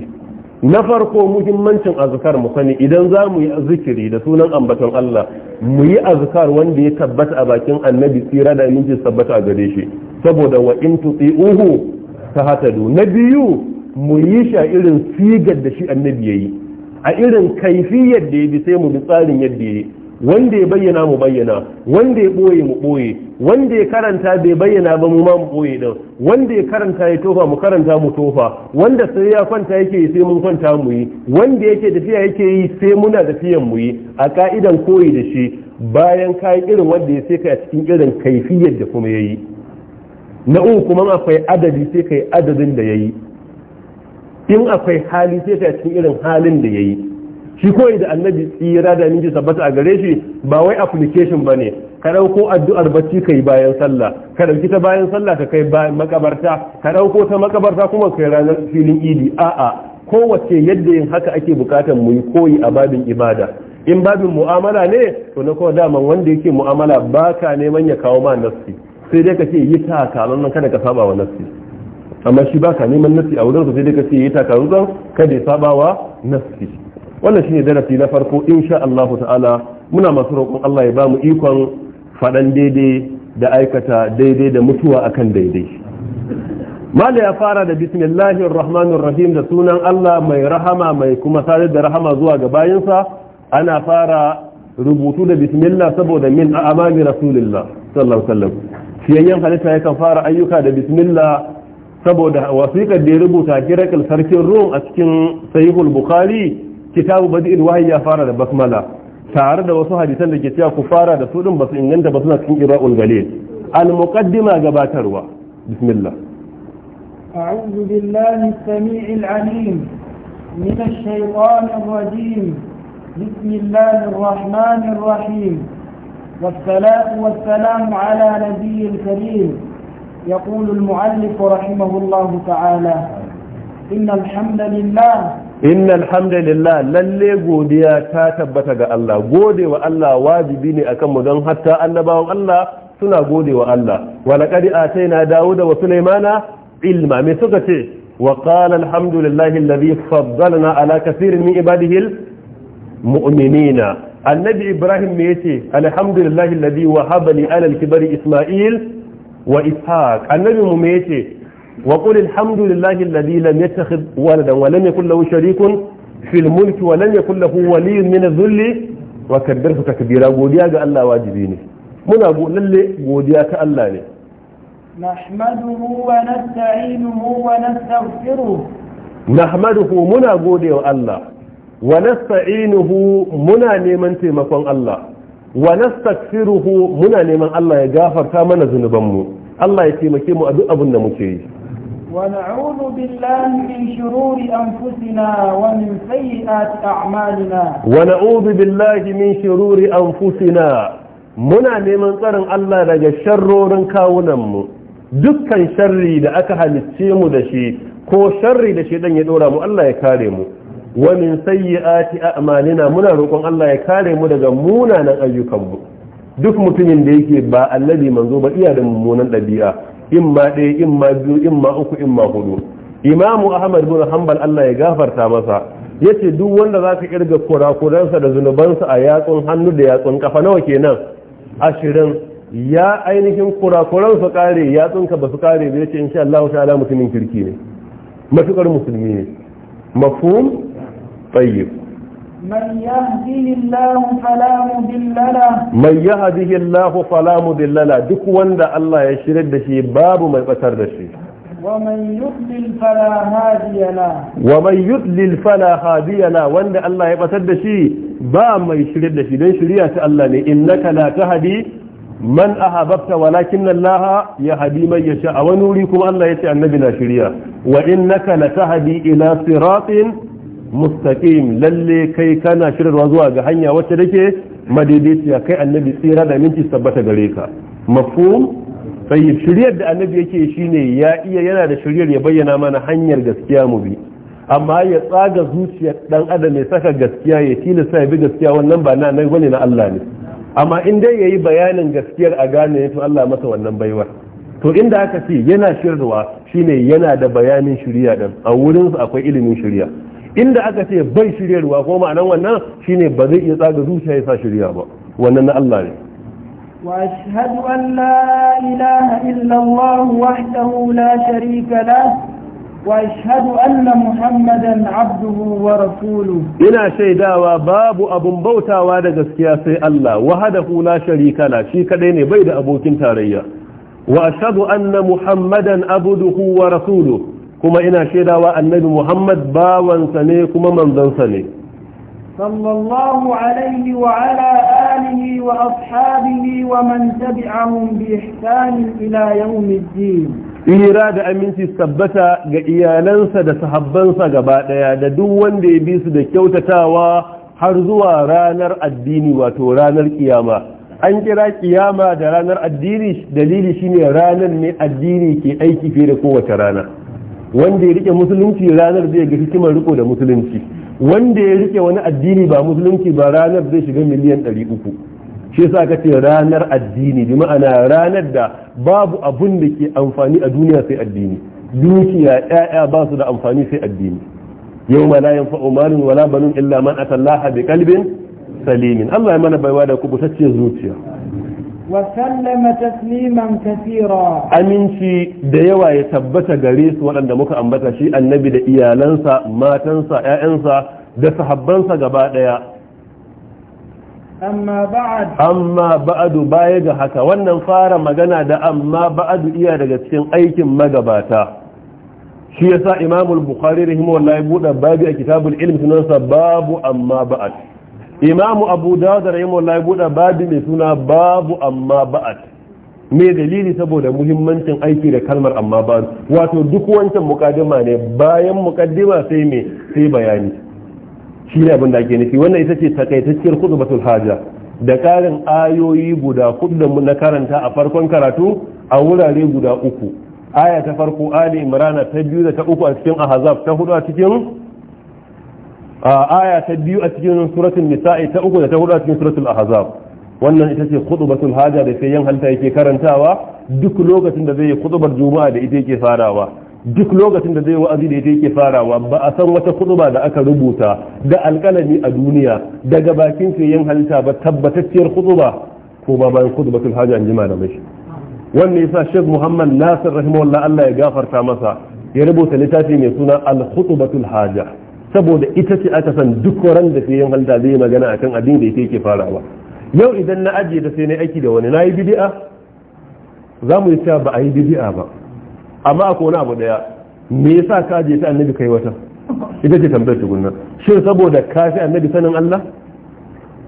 na farko muhimmancin azkar mu sani idan za mu yi zikiri da sunan ambaton Allah mu yi azkar wanda ya tabbata a bakin annabi tsira da aminci tabbata a gare shi saboda wa in tuti'uhu hatadu na biyu mu yi sha irin sigar da shi annabi ya yi. a irin kaifiyar da ya bi sai mu bi tsarin yadda ya wanda ya bayyana mu bayyana wanda ya boye mu boye wanda ya karanta bai bayyana ba mu ma mu boye din wanda ya karanta ya tofa mu karanta mu tofa wanda sai ya kwanta yake yi sai mun kwanta mu yi wanda yake tafiya yake yi sai muna tafiyan mu yi a ka'idan koyi da shi bayan ka yi irin wanda ya sai ka a cikin irin kaifiyar da kuma yayi na uku kuma akwai adadi sai kai adadin da yayi in akwai hali sai ta cikin irin halin da yayi shi koyi da annabi tsira da miji sabbata a gare shi ba wai application ba ne ka ɗauko addu'ar bacci kai bayan sallah ka ɗauki ta bayan sallah ka kai makabarta ka ɗauko ta makabarta kuma kai ranar filin idi a'a kowace yadda yin haka ake bukatar mu yi koyi a babin ibada in babin mu'amala ne to na kowa daman wanda yake mu'amala baka neman ya kawo ma nafsi sai dai ka ce yi ta nan kada ka saba wa nafsi amma shi ba ka neman nassi a wurin sai dai ka ce yi takaruzan kada ya saba wa nassi wannan shine darasi na farko insha Allah ta'ala muna masu roƙon Allah ya ba mu ikon faɗan daidai da aikata daidai da mutuwa akan daidai mala ya fara da bismillahir rahmanir rahim da sunan Allah mai rahama mai kuma sadar da rahama zuwa ga bayinsa ana fara rubutu da bismillah saboda min a'amali rasulillah sallallahu alaihi wasallam fiyayyen halitta yakan fara ayyuka da bismillah saboda wasiƙar da ya rubuta kirakil sarkin rum a cikin sahihul bukhari kitabu badi'il wahyi ya fara da basmala tare da wasu hadisan da ke cewa ku fara da su din basu inganta ba suna cikin ira'ul galil al muqaddima gabatarwa bismillah a'udhu billahi samii'il samiil 'alim min ash-shaytanir rajim bismillahir rahmanir rahim والصلاة والسلام على نبي الكريم يقول المؤلف رحمه الله تعالى إن الحمد لله إن الحمد لله للي قوديا تاتبت الله قودي والله واجبيني أكم دون حتى أنباهم الله سنا قودي والله ولقد آتينا داود وسليمان علما من سكتي وقال الحمد لله الذي فضلنا على كثير من عباده المؤمنين النبي إبراهيم ميتي الحمد لله الذي وهب لي على الكبر إسماعيل wa ishaq annabi mu me yace wa qul alhamdulillahi alladhi lam yattakhidh waladan wa lam yakul lahu sharikun fil mulki wa lam yakul lahu waliyyun min adh-dhulli wa kabbirhu takbira godiya ga Allah wajibi ne muna lalle godiya ta Allah ne wa ونستعينه ونستغفره نحمده منا غوديو الله ونستعينه muna neman taimakon Allah. wa nastaghfiruhu muna neman Allah ya gafarta mana zunubanmu Allah ya taimake mu a duk abin da muke yi ونعوذ بالله من شرور أنفسنا ومن سيئات أعمالنا ونعوذ biLlahi min شرور anfusina, muna neman tsarin Allah daga sharrorin kawunanmu dukkan sharri da aka halicce mu da shi ko sharri da shi dan ya dora mu Allah ya kare mu wa min sayyiati a'malina muna roƙon Allah ya kare mu daga munanan ayyukanmu duk mutumin da yake ba annabi manzo ba iya da mummunan ɗabi'a ma ɗaya ma biyu ma uku in ma hudu imamu ahmad bin hanbal Allah ya gafarta masa yace duk wanda za ka kirga kurakuransa da zunubansa a yatsun hannu da yatsun kafa nawa kenan ashirin ya ainihin kurakuran su kare yatsunka ba su kare ba yace insha Allah ta'ala mutumin kirki ne matukar musulmi ne mafhum طيب من يهده الله فلا مضل له من يهده الله فلا مضل له duk wanda Allah ya shirar da shi babu mai batar da shi ومن يضلل فلا هادي له ومن يضلل فلا هادي له wanda Allah ya batar da shi ba mai shirar da shi dan shiriya ta Allah ne innaka la tahdi man ahabbta walakin Allah ya sha a wani wuri kuma Allah ce annabi na shirya, wa innaka la tahdi ila mustaqim lalle kai kana shirarwa zuwa ga hanya wacce take madaidaiciya kai annabi tsira da minti tabbata gare ka mafhum sai shiryar da annabi yake shine ya iya yana da shiryar ya bayyana mana hanyar gaskiya mu bi amma ya tsaga zuciyar dan adam ya saka gaskiya ya tilasta ya bi gaskiya wannan ba na nan na Allah ne amma in dai yayi bayanin gaskiyar a gane to Allah masa wannan baiwar to inda aka ce yana shirwa shine yana da bayanin shirya din a wurin akwai ilimin shirya inda aka ce bai shirya shiryarwa ko nan wannan shine ba zai iya tsaga zuciya ya sa shirya ba wannan na Allah ne wa ashhadu an la ilaha illa Allah wahdahu la sharika la wa ashhadu anna muhammadan abduhu wa rasuluhu ina shaidawa babu abun bautawa da gaskiya sai Allah wahdahu la sharika la shi kadai ne bai da abokin tarayya wa ashhadu anna muhammadan abduhu wa rasuluhu kuma ina shaidawa annabi muhammad bawansa ne kuma manzansa ne sallallahu alaihi wa ala alihi wa ashabihi wa man tabi'ahum bi ihsan ila yawmiddin tsira da aminci tabbata ga iyalansa da sahabbansa gaba daya da duk wanda ya bi su da kyautatawa har zuwa ranar addini wato ranar kiyama an kira kiyama da ranar addini dalili shine ranar ne addini ke aiki fiye da kowace rana wanda ya rike musulunci ranar zai ga hikimar riko da musulunci wanda ya rike wani addini ba musulunci ba ranar zai shiga miliyan 300 shi sa ka ce ranar addini bi ma'ana ranar da babu abun da ke amfani a duniya sai addini dukiya ƴaƴa ba su da amfani sai addini yau ma la yanfa'u malun wala banun illa man atallaha bi qalbin salimin Allah ya mana baiwa da kubutacciyar zuciya وسلم تسليما كثيرا aminci da yawa ya tabbata gare su waɗanda muka ambata shi annabi da iyalansa matansa ƴaƴansa da sahabbansa gaba ɗaya amma ba'adu baya ga haka wannan fara magana da amma ba'adu iya daga cikin aikin magabata shi yasa imamul bukhari rahimahullahi buɗe babu a kitabul ilm sunansa babu amma ba'ad imamu abu dawud rahimahullah ya buɗe babu mai suna babu amma ba'ad me dalili saboda muhimmancin aiki da kalmar amma ba wato duk wancan mukaddima ne bayan mukaddima sai me sai bayani shi ne abin da ake nufi wannan ita ce takaitacciyar batul haja da karin ayoyi guda kudu na karanta a farkon karatu a wurare guda uku aya ta farko ali imrana ta biyu da ta uku a cikin ahzab ta hudu a cikin aya ta biyu a cikin suratul nisa'i ta uku da ta hudu a cikin suratul ahzab wannan ita ce khutbatul haja da sai yan halta yake karantawa duk lokacin da zai yi khutbar juma'a da ita yake farawa duk lokacin da zai wa'azi da ita yake farawa ba a san wata khutba da aka rubuta da alkalami a duniya daga bakin sai yan halta ba tabbatacciyar khutba ko ba bayan khutbatul haja an jima da mai wannan yasa Sheikh Muhammad Nasir rahimahullah Allah ya gafarta masa ya rubuta littafi mai suna al-khutbatul haja saboda ita ce aka san duk ran da yin halda zai magana akan abin da ita yake farawa yau idan na ajiye da sai na aiki da wani na yi bidi'a za mu yi cewa ba a yi bidi'a ba amma akwai wani abu daya me yasa ka ajiye ta annabi kai wata ita ce tambayar tukunna shin saboda ka fi annabi sanin Allah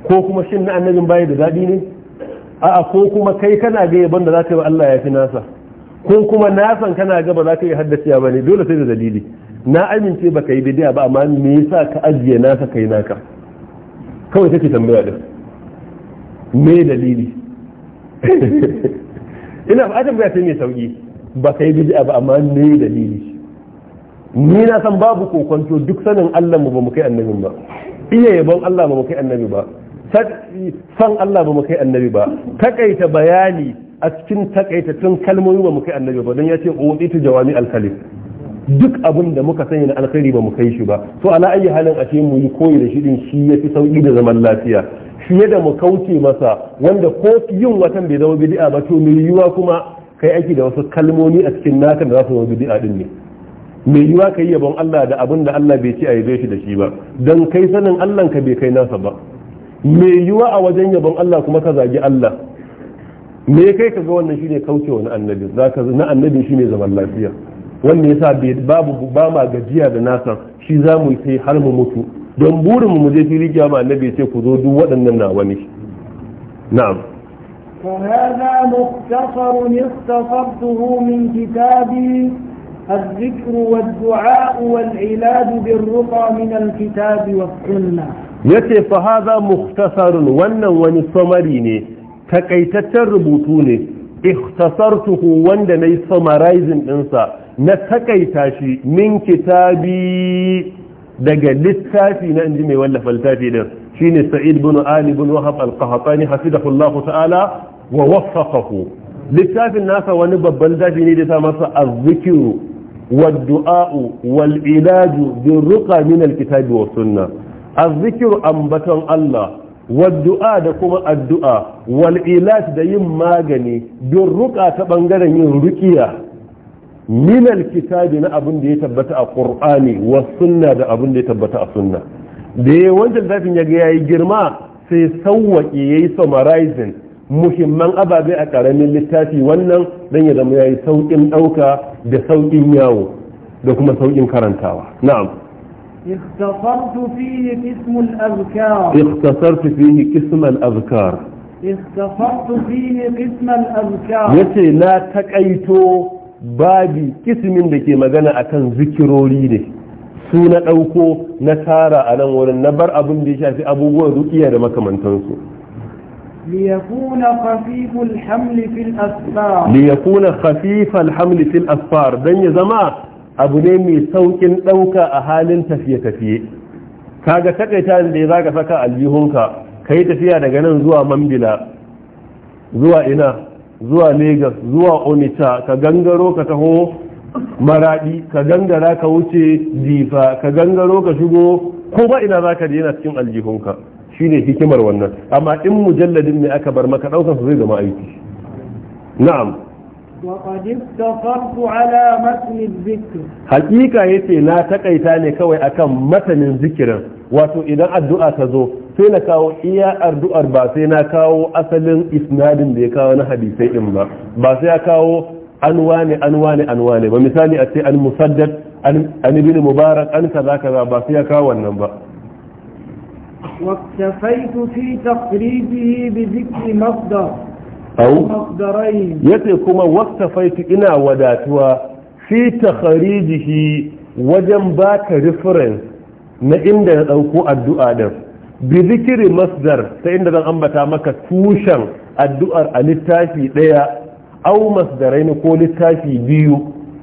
ko kuma shin na annabin baya da daɗi ne a'a ko kuma kai kana ga yaban da za ka yi wa Allah ya fi nasa ko kuma nasan kana ga ba za ka yi haddace ba ne dole sai da dalili na amince baka yi bidiya ba amma me yasa ka ajiye naka kai naka kawai take tambaya din me dalili *laughs* ina ba tambaya sai me sauki baka yi bidiya ba amma me dalili ni na san babu kokonto duk sanin Allah mu ba mu kai annabi ba iya yabon Allah ba mu kai annabi ba san Allah ba mu kai annabi ba takaita bayani a cikin takaitattun kalmomi ba mu kai annabi ba don ya ce ƙoɗi ta jawami alkalim duk abin da muka sanya na alkhairi ba mu kai shi ba to ala ayi halin a ce mu yi koyi da shi din shi ya fi sauki da zaman lafiya fiye da mu kauce masa wanda ko yin watan bai zama bid'a ba to mai yiwa kuma kai aiki da wasu kalmomi a cikin naka da za su zama bid'a din ne mai yiwa kai yabon Allah da abin da Allah bai ci a yabe shi da shi ba dan kai sanin Allah ka bai kai nasa ba mai yiwa a wajen yabon Allah kuma ka zagi Allah me kai ka ga wannan shine kauce wa na annabi zaka na annabi shine zaman lafiya wanda yasa babu ba ma gajiya da nasa shi za mu yi sai har mu mutu don burin mu je fili kiyama annabi ce ku zo duk waɗannan na wani na'am فهذا مختصر من كتابي الذكر والدعاء والعلاج بالرقى من الكتاب والسنة fa haza mukhtasarun wannan wani samari ne takaitaccen rubutu ne tuhu wanda nayi samarizin dinsa na takaita shi min kitabi daga littafi na inji mai wallafa littafi din shine sa'id bin ali bin wahab al-qahtani hafizahullahu ta'ala wa waffaqahu littafin nasa wani babban dafi ne da ta masa wa kitabi sunna az-zikr بالرقى allah wa du'a da kuma kuma wal ilaj da yin magani يم ruƙa ta ɓangaren yin ruƙiya. minal kitabi na abin da ya tabbata a qur'ani wa sunna da abin da ya tabbata a sunna da ya wancan zafin ya ga yayi girma sai sauwaƙe ya yi summarizing muhimman ababe a ƙaramin littafi wannan dan ya zama yi sauƙin ɗauka da sauƙin yawo da kuma sauƙin karantawa na'am اختصرت فيه قسم الأذكار اختصرت فيه قسم الأذكار اختصرت فيه قسم الأذكار يتي لا babi kismin da ke magana akan zikirori ne su na ɗauko na tara a nan wurin na bar abin da ya shafi abubuwan rukiya da makamantansu ليكون خفيف الحمل في الأسفار ليكون خفيف الحمل ya zama abu ne mai saukin ɗauka a halin tafiye-tafiye kaga takaita da ya ka saka aljihunka ka yi tafiya daga nan zuwa mambila zuwa ina zuwa Legas zuwa onita ka gangaro ka taho maradi ka gangara ka wuce difa ka gangaro ka shigo ko ba ina za ka yana cikin aljihunka shine hikimar wannan amma in mujalladin ne aka bar maka su zai zama aiki na'am وقد اقتصرت على متن الذكر حقيقة يتي نا تقيتاني كوي أكم متن الذكر wato idan addu'a ta zo sai na kawo iya addu'ar ba sai na kawo asalin isnadin da ya kawo na hadisai din ba ba sai ya kawo anwane anwane anwane ba misali a ce an musaddad an ibn mubarak an kaza kaza ba sai ya kawo wannan ba واكتفيت في تقريبه بذكر مصدر au yace kuma waktafaitu ina wadatuwa fi shi wajen baka reference na inda ya ɗauko addu'a din bi masdar ta inda zan ambata maka tushen addu'ar a littafi ɗaya au masdaraini ko littafi biyu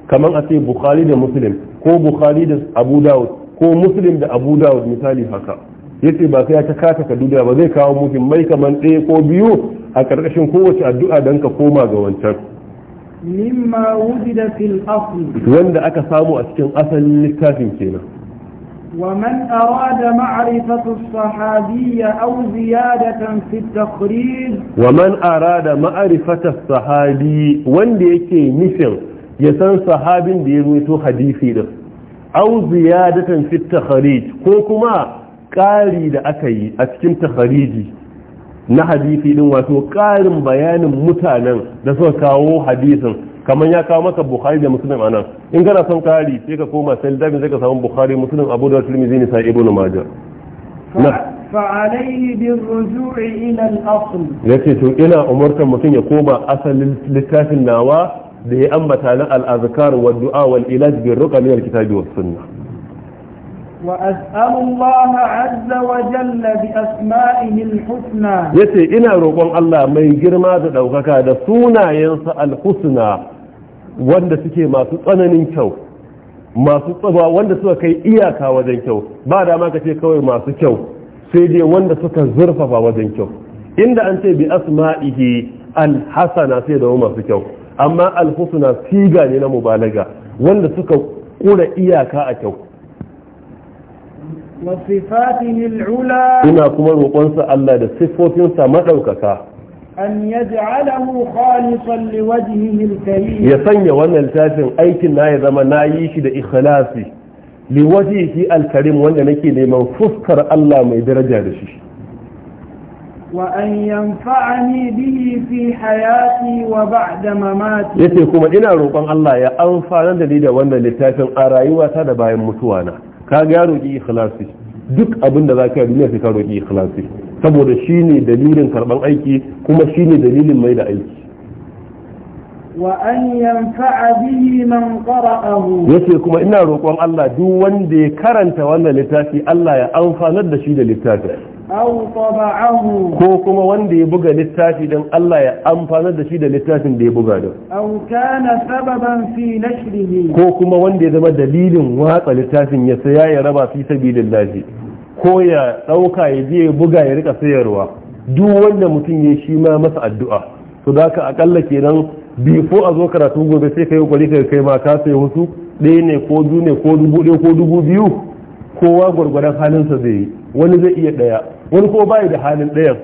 kamar a ce bukhari da muslim ko bukhari da abu dawud ko muslim da abu misali haka yace ba sai ya ta kata ka ba zai kawo muhimmai kamar ɗaya ko biyu a ƙarƙashin kowace addu'a don ka koma ga wancan mimma wujida fil asl wanda aka samu a cikin asalin littafin kenan ومن أراد معرفة الصحابية Wa man في التخريج ومن أراد معرفة الصحابي وندي يكي نفر يسان صحاب دي رويتو حديثي ده أو زيادة في ko kuma. ƙari da aka yi a cikin takhariji na hadisi din wato ƙarin bayanin mutanen da suka kawo hadisin kamar ya kawo maka bukhari da muslim a nan in kana son ƙari sai ka koma sai littafin zai ka samu bukhari muslim abu da tirmidhi ne sai ibnu majah فعليه بالرجوع الى الاصل yace to ina umurtar mutum ya koma asalin littafin nawa da ya ambata na al-azkar wa du'a wal ilaj bi ruqa min al-kitabi was sunnah وأسأل الله عز وجل بأسمائه الحسنى يتي إنا روبون الله ما يجير ما تدعوك كذا سونا ينسى الحسنى wanda suke masu tsananin kyau masu tsawa wanda suka kai iyaka wajen kyau ba da ma ce kawai masu kyau sai dai wanda suka zurfafa wajen kyau inda an ce bi asma'ihi alhasana sai da masu kyau amma alhusna siga ne na mubalaga wanda suka kura iyaka a kyau وصفاته Ina kuma كما Allah da ده صفاتين سا مدوكاكا ان يجعله خالصا لوجهه الكريم يا سنيا wannan littafin aikin na ya zama nayi shi da ikhlasi liwajhihi alkarim wanda nake neman fuskar Allah mai daraja da shi wa an yanfa'ani bihi fi hayati wa ba'da mamati yace kuma ina roƙon Allah ya amfanar da ni da wannan littafin a wasa da bayan mutuwa na ka ga roƙi ikhlasi duk abin da zaka yi duniya sai ka roƙi ikhlasi saboda shine dalilin karban aiki kuma shine dalilin mai da aiki وأن ينفع به من قرأه yace kuma ina roƙon Allah duk wanda ya karanta wannan littafi Allah ya amfanar da shi da littafin ko kuma wanda ya buga littafi don Allah ya amfana da shi da littafin da ya buga don ko kuma wanda ya zama dalilin watsa littafin ya saya ya raba fi sabilillahi ko ya ɗauka ya je ya buga ya rika sayarwa duk wanda mutum ya shi shima masa addu'a to da ka akalla kenan bifo a zo karatu gobe sai kai kwari kai kai ma ka sai wasu ɗaya ne ko biyu ko dubu ɗaya ko dubu biyu kowa gwargwadon halinsa zai yi wani zai iya ɗaya wani ko bai da halin ɗayan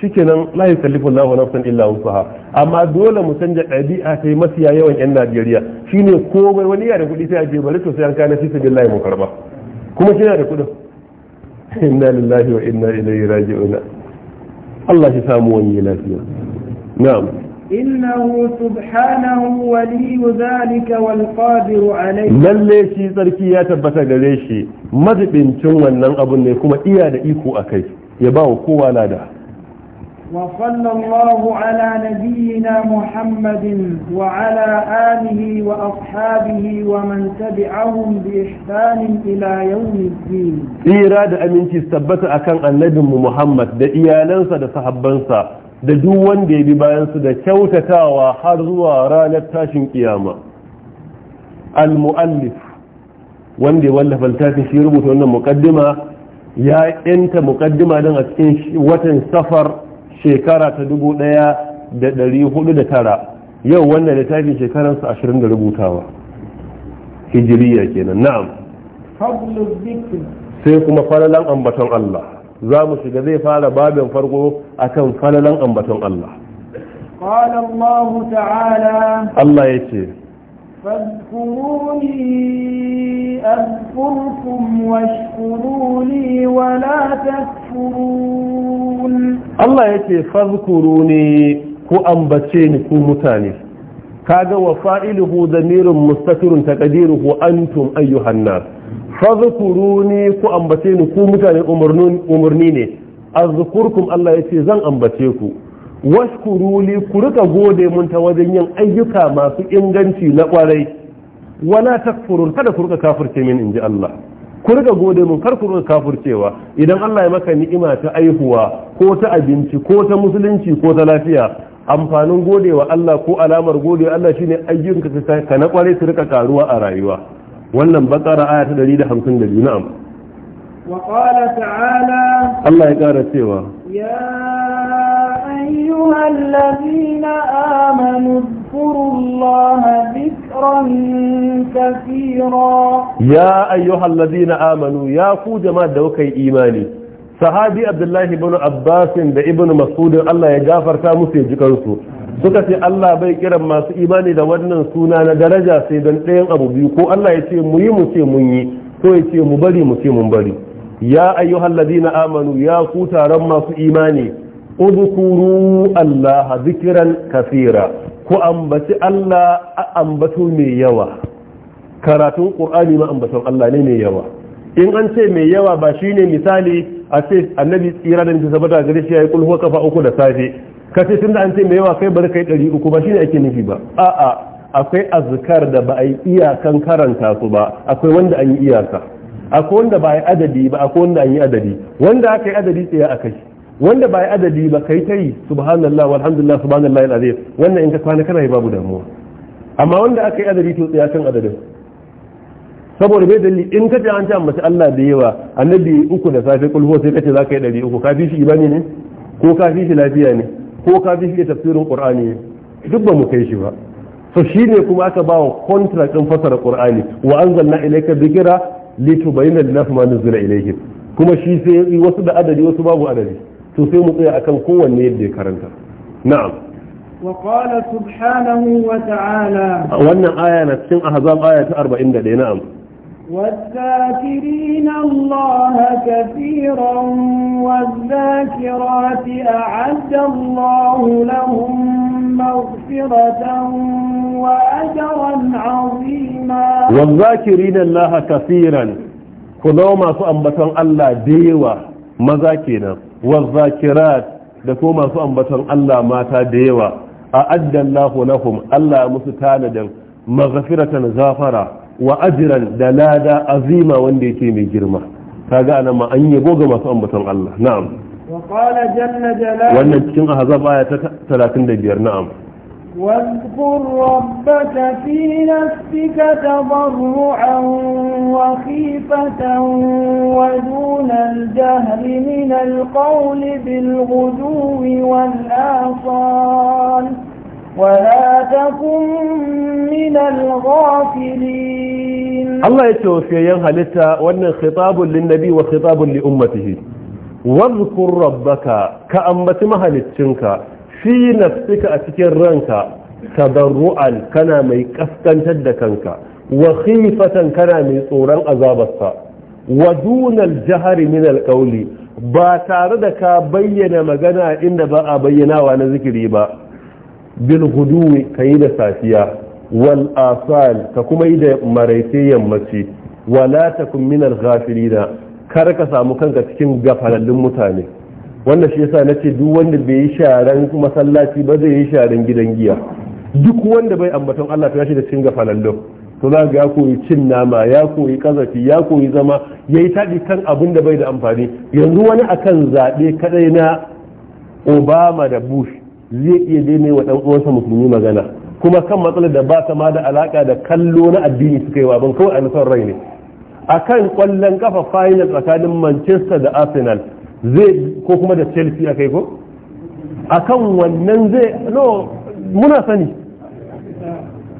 shikenan la yukallifu Allahu nafsan illa wusaha amma dole mu canja ɗabi'a sai masiya yawan yan Najeriya shine komai wani yana da kuɗi sai a je bari to sai an kana fi billahi mu karba kuma kina da kuɗin inna lillahi wa inna ilaihi raji'un Allah shi samu wani lafiya na'am إنه سبحانه ولي ذلك والقادر عليه lalle shi tsarki ya tabbata gare shi majibincin wannan abun ne kuma iya da iko a kai ya ba wa kowa lada وصلى الله على نبينا محمد وعلى آله وأصحابه ومن تبعهم بإحسان إلى يوم الدين إيراد أمين تثبت أكان النبي محمد دا إيالنسا دا صحبنسا da duk wanda ya bi bayansu da kyautatawa har zuwa ranar tashin kiyama al-mu'allif wanda ya wallafa littafin shi rubuta wannan muqaddima ya yanta muqaddima don a cikin watan safar shekara ta 1409 yau wannan littafin shekaransa 20 da rubutawa hijiriya kenan na'am sai kuma falalan ambaton Allah za mu shiga zai fara babin farko a kan falalan ambaton Allah. Ƙwada Allahu ta'ala Allah ya ce, Fadkuruni azkurkum wa shkuruni wa la Allah ya ce, Fadkuruni ku ambace ni ko mutane. kaga wa fa'ilu fa’iluhu zamirin mustafirun takadiruhu antun ayyuhannas fadhkuruni ku ambace ni ku mutane umarni ne azkurkum Allah yace zan ambace ku washkuru li ku rika gode mun ta wajen yin ayyuka masu inganci na kwarai wala takfurun kada ku rika kafirce min inji Allah ku rika gode mun kar ku rika kafircewa idan Allah ya maka ni'ima ta aihuwa ko ta abinci ko ta musulunci ko ta lafiya amfanin godewa Allah ko alamar godewa Allah shine ayyukan ka na kwarai su rika karuwa a rayuwa wannan bakara aya ta 152 na'am wa qala ta'ala Allah ya kara cewa ya ayyuhal ladina amanu اذكروا الله ذكرا كثيرا يا أيها الذين آمنوا يا فو جماعة دوكي إيماني صحابي عبد الله بن عباس ده ابن مسعود الله يغفر تا musu jikan su suka ce Allah bai kiran masu imani da wannan suna na daraja sai don ɗayan abu biyu ko Allah ya ce mu yi mu ce mun yi ko ya ce mu bari mu ce mun bari ya ayyuhal amanu ya ku taron masu imani udkuru Allah zikiran kaseera ku ambaci Allah ambato mai yawa karatun qur'ani ma ambaton Allah ne mai yawa in an ce mai yawa ba shine misali a ce annabi tsira da ba a gare shi yi kulhu kafa uku da safe ka ce tun da an ce mai yawa kai bari kai ɗari uku ba shine ake nufi ba a'a akwai azkar da ba a yi iyakan karanta su ba akwai wanda an yi iyaka akwai wanda ba a yi adadi ba akwai wanda an yi adadi wanda aka yi adadi tsaye a kai wanda ba a yi adadi ba kai ta yi subhanallah walhamdulillah subhanallah alazim wannan in ka kwana kana yi babu damuwa amma wanda aka yi adadi to tsaye kan adadin saboda bai dalili in ka ce an ce mace Allah da yawa annabi uku da safe kulhu sai kace zaka yi ɗari uku ka fi shi ibani ne ko ka fi shi lafiya ne ko ka bi shi tafsirin qur'ani duk ba mu kai shi ba to shine kuma aka ba wa contract din fasara qur'ani wa anzalna ilayka dhikra litubayyana lin-nas ma nuzila ilayhim kuma shi sai wasu da adadi wasu babu adadi to sai mu tsaya akan kowanne yadda ya karanta na'am وقال سبحانه وتعالى وانا آية نتشن أحزاب آية 41 نعم والذاكرين الله كثيرا والذاكرات أعد الله لهم مغفرة وأجرا عظيما والذاكرين الله كثيرا كلما سأنبتا الله ديوة مذاكرة والذاكرات لكما سأنبتا الله ماتا ديوة أعد الله لهم الله مستانا مغفرة غافرة wa ajiran da lada azima wanda yake mai girma kaga anan ma an yabo ga masu ambaton Allah na'am wa qala jalla jalaluhu wannan cikin ahazab aya ta 35 na'am واذكر ربك في نفسك تضرعا وخيفة ودون الجهر من القول بالغدو والآصال wala takun minal ghafilin Allah ya ce wasu halitta wannan khitabun lin nabi wa khitabun li ummatihi wadhkur rabbaka ka ambaci mahaliccinka fi nafsika a cikin ranka tadarru'an kana mai kaskantar da kanka wa kana mai tsoron azabarsa wa jihar jahari min ba tare da ka bayyana magana inda ba a bayyana na zikiri ba bil huduwi ka yi da safiya wal asal ka kuma yi da maraice yammaci wala takun min al ghafilina kar ka samu kanka cikin gafalallin mutane wannan shi yasa nace duk wanda bai yi sharan masallaci ba zai yi sharan gidan giya duk wanda bai ambaton Allah ta shi da cikin gafalallin to za ga ya koyi cin nama ya koyi kazafi ya koyi zama yayi tadi kan abin da bai da amfani yanzu wani akan zaɓe kadai na obama da bush zai iya daina wa ɗan uwansa musulmi magana kuma kan matsalar da ba ta ma da alaka da kallo na addini suka yi wa ban kawai a nufin rai ne a kan ƙwallon kafa final tsakanin Manchester da Arsenal zai ko kuma da Chelsea kai ko a kan wannan zai no muna sani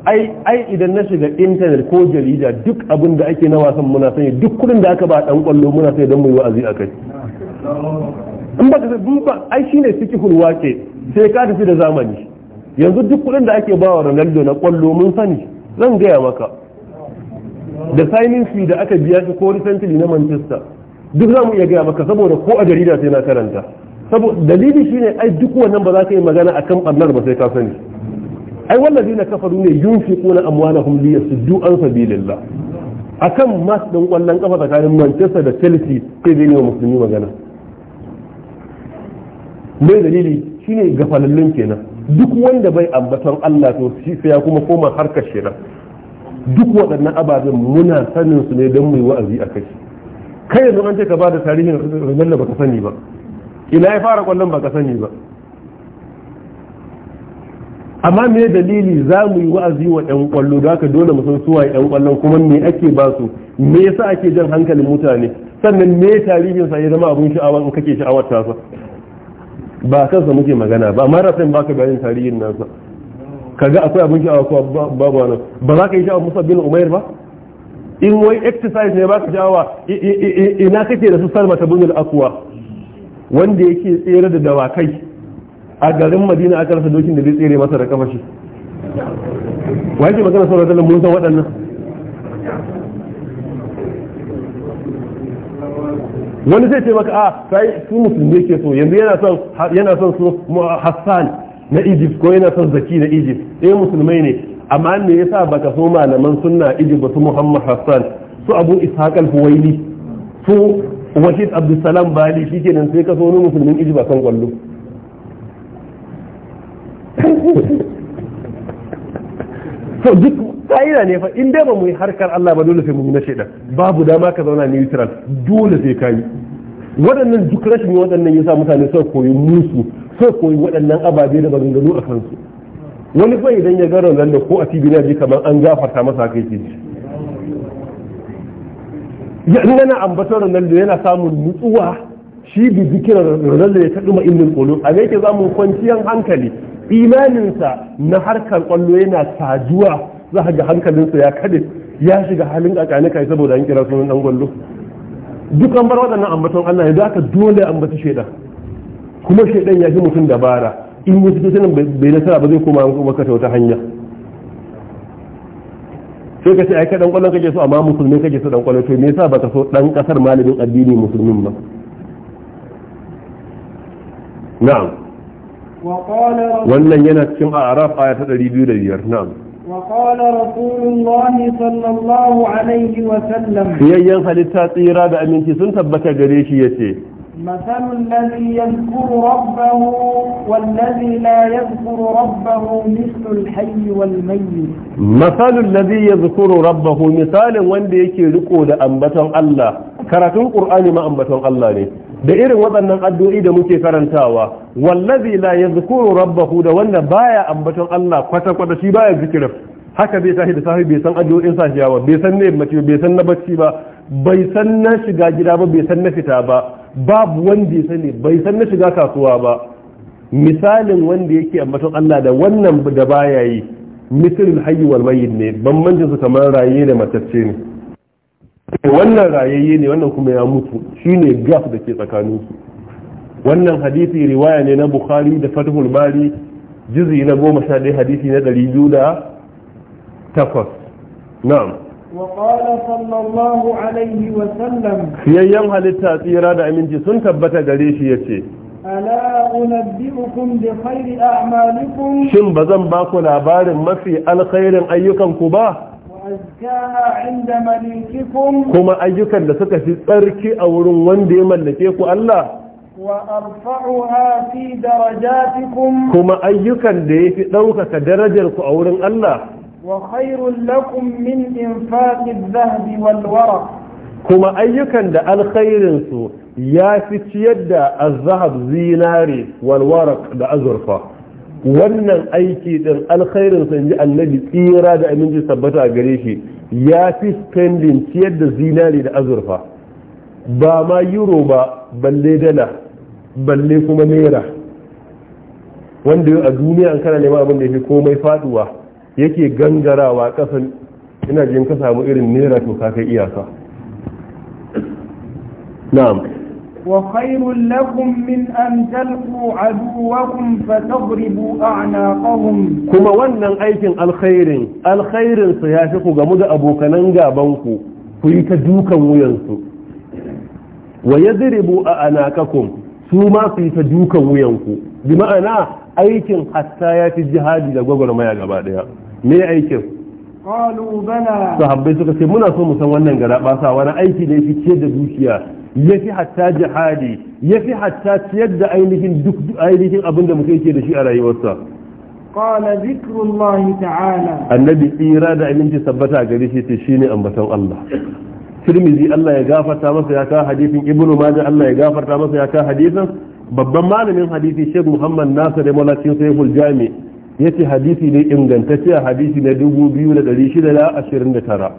ai ai idan na shiga internet ko jarida duk abin da ake na wasan muna sani duk kudin da aka ba dan kwallo muna sani don mu yi wa'azi a kai in ba ai shine hulwa ke. sai ka tafi da zamani yanzu duk kuɗin da ake bawa Ronaldo na kwallo mun sani zan gaya maka da signing fee da aka biya shi ko recently na Manchester duk za mu iya gaya maka saboda ko a jarida sai na karanta saboda dalili shine ai duk wannan ba za ka yi magana akan ɓarnar ba sai ka sani ai wallazi na kafaru ne yunfiquna su liyasuddu an sabilillah akan mas din kwallon kafa tsakanin Manchester da Chelsea sai yi wa musulmi magana me dalili shine gafalallun kenan duk wanda bai ambaton Allah to shi sai ya kuma koma harkar shirin duk waɗannan ababen muna sanin su ne don mu yi wa'azi a kai kai yanzu an ce ka bada tarihin ba baka sani ba ina ya fara kwallon baka sani ba amma me dalili za mu yi wa'azi wa ɗan kwallo da haka dole mu san suwa ɗan kwallon kuma me ake ba su me yasa ake jan hankalin mutane sannan me tarihin sa ya zama abun sha'awa in kake sha'awar ta ba kansa muke magana ba amma rasin baka bayanin tarihin nasa kaga akwai abin sha'awa ko babu nan ba za ka yi sha'awa musa bin umair ba in wai exercise ne baka sha'awa ina kake da su salma ta bunil akwa wanda yake tsere da dawakai a garin madina aka rasa dokin da zai tsere masa da kafashi wai yake magana sauran mun san waɗannan wani zai ce maka a ah, sai su musulmi ke so yanzu yana son yana son su Hassan na Egypt ko yana son Zaki na Egypt eh musulmai ne amma me yasa baka so malaman sunna Egypt ba su Muhammad Hassan su Abu Ishaq al-Huwaili su Wahid salam Bali shikenan sai ka so wani musulmin Egypt a kan kwallo *laughs* so duk ka'ida ne fa in dai ba mu yi harkar Allah ba dole sai mu na shaidan babu dama ka zauna neutral dole sai ka yi waɗannan duk rashin waɗannan yasa mutane sai koyi musu sai koyi waɗannan ababe da maganganu a kansu wani fa idan ya ga ranar da ko a tibi na kamar an gafarta masa haka ke ji ya yana ambaton ronaldo yana samun nutsuwa shi bi zikirar ronaldo ya taɗi ma kolo a a yake zamu kwanciyar hankali imaninsa na harkar kwallo yana tajuwa za ka ga hankalinsu ya kade ya shiga halin kakani kai saboda an kira sunan dan gwallo duk an bar waɗannan ambaton Allah ya aka dole ambaci shaidan kuma shaidan ya fi mutum dabara in yi fito sanin bai nasara ba zai koma maka ta wata hanya sai ka ce ai kai dan kwallon kake so amma musulmi kake so dan ƙwallon to me yasa baka so dan kasar malamin addini musulmin ba na'am wannan yana cikin a'raf aya ta 205 na'am وقال رسول الله صلى الله عليه وسلم هي ين حديثة طيرة بأمين تسن تبت قريشي يتي مثل الذي يذكر ربه والذي لا يذكر ربه مثل الحي والميت مثل الذي يذكر ربه مثال وان بيكي لقود أنبتا الله كراتون قرآن ما أنبتا الله ليه da irin waɗannan addu'o'i da muke karantawa wallazi la rabba rabbahu da wanda baya ambaton Allah kwata kwata shi baya zikirin haka zai tashi da safe bai san addu'o'in safiya ba bai san ne mace bai san na bacci ba bai san na shiga gida ba bai san na fita ba babu wanda ya sani bai san na shiga kasuwa ba misalin wanda yake ambaton Allah da wannan da baya yi misalul hayy wal ne bambancin su kamar raye da matacce Eh, wannan rayayye ne wannan kuma ya mutu shine gaf da ke tsakaninsu wannan hadisi riwaya ne na bukhari da fatihul bari juzi na goma sha ɗaya hadisi na ɗari biyu da takwas na'am وقال صلى الله عليه وسلم في أيام هل التأثير هذا أمين جسون تبتا قريش يتي ألا أنبئكم بخير أعمالكم شم بزن باكو لابار ما الخير أيكم كباه kuma ayyukan da suka fi tsarki a wurin wanda ya mallake ku Allah kuma ayyukan da ya fi ɗaukaka darajarku ku a wurin Allah kuma ayyukan da alkhairinsu ya fi ciyar da azhab zinari walwarak da azurfa. wannan aiki din alkhairin sa inji annabi tsira da aminci sabbata a gare shi ya fi spending ciyar da zinari da azurfa ba ma euro ba balle dala balle kuma naira wanda a duniya an kana neman abin da yake komai faduwa yake gangarawa kasan ina jin ka samu irin naira to ka kai iyaka na'am وخير لكم من أن تلقوا عدوكم فتضربوا أعناقهم كما وانا أيكن الخير الخير سياشكو غمد أبو كننغا بانكو كويك دوكا وينسو ويضربوا أعناقكم ثم كويك دوكا وينكو بمعنى أيكن حتى ياتي الجهاد لغوغل ما يغبا ديا من aikin qalu bala sahabbai suka ce muna so mu san wannan gara ba sa wani aiki da yake ce da dukiya ya fi hatta jihadi ya fi hatta ciyar da ainihin duk ainihin abin da mutum yake da shi a rayuwarsa qala zikrullahi ta'ala annabi tsira da aminci sabbata gare shi ce shine ambaton Allah Tirmidhi Allah ya gafarta masa ya kawo hadisin Ibn Majah Allah ya gafarta masa ya kawo hadisin babban malamin hadisi Sheikh Muhammad Nasir da Malakin Sayyidul Jami yace hadisi ne ingantacce hadisi na tara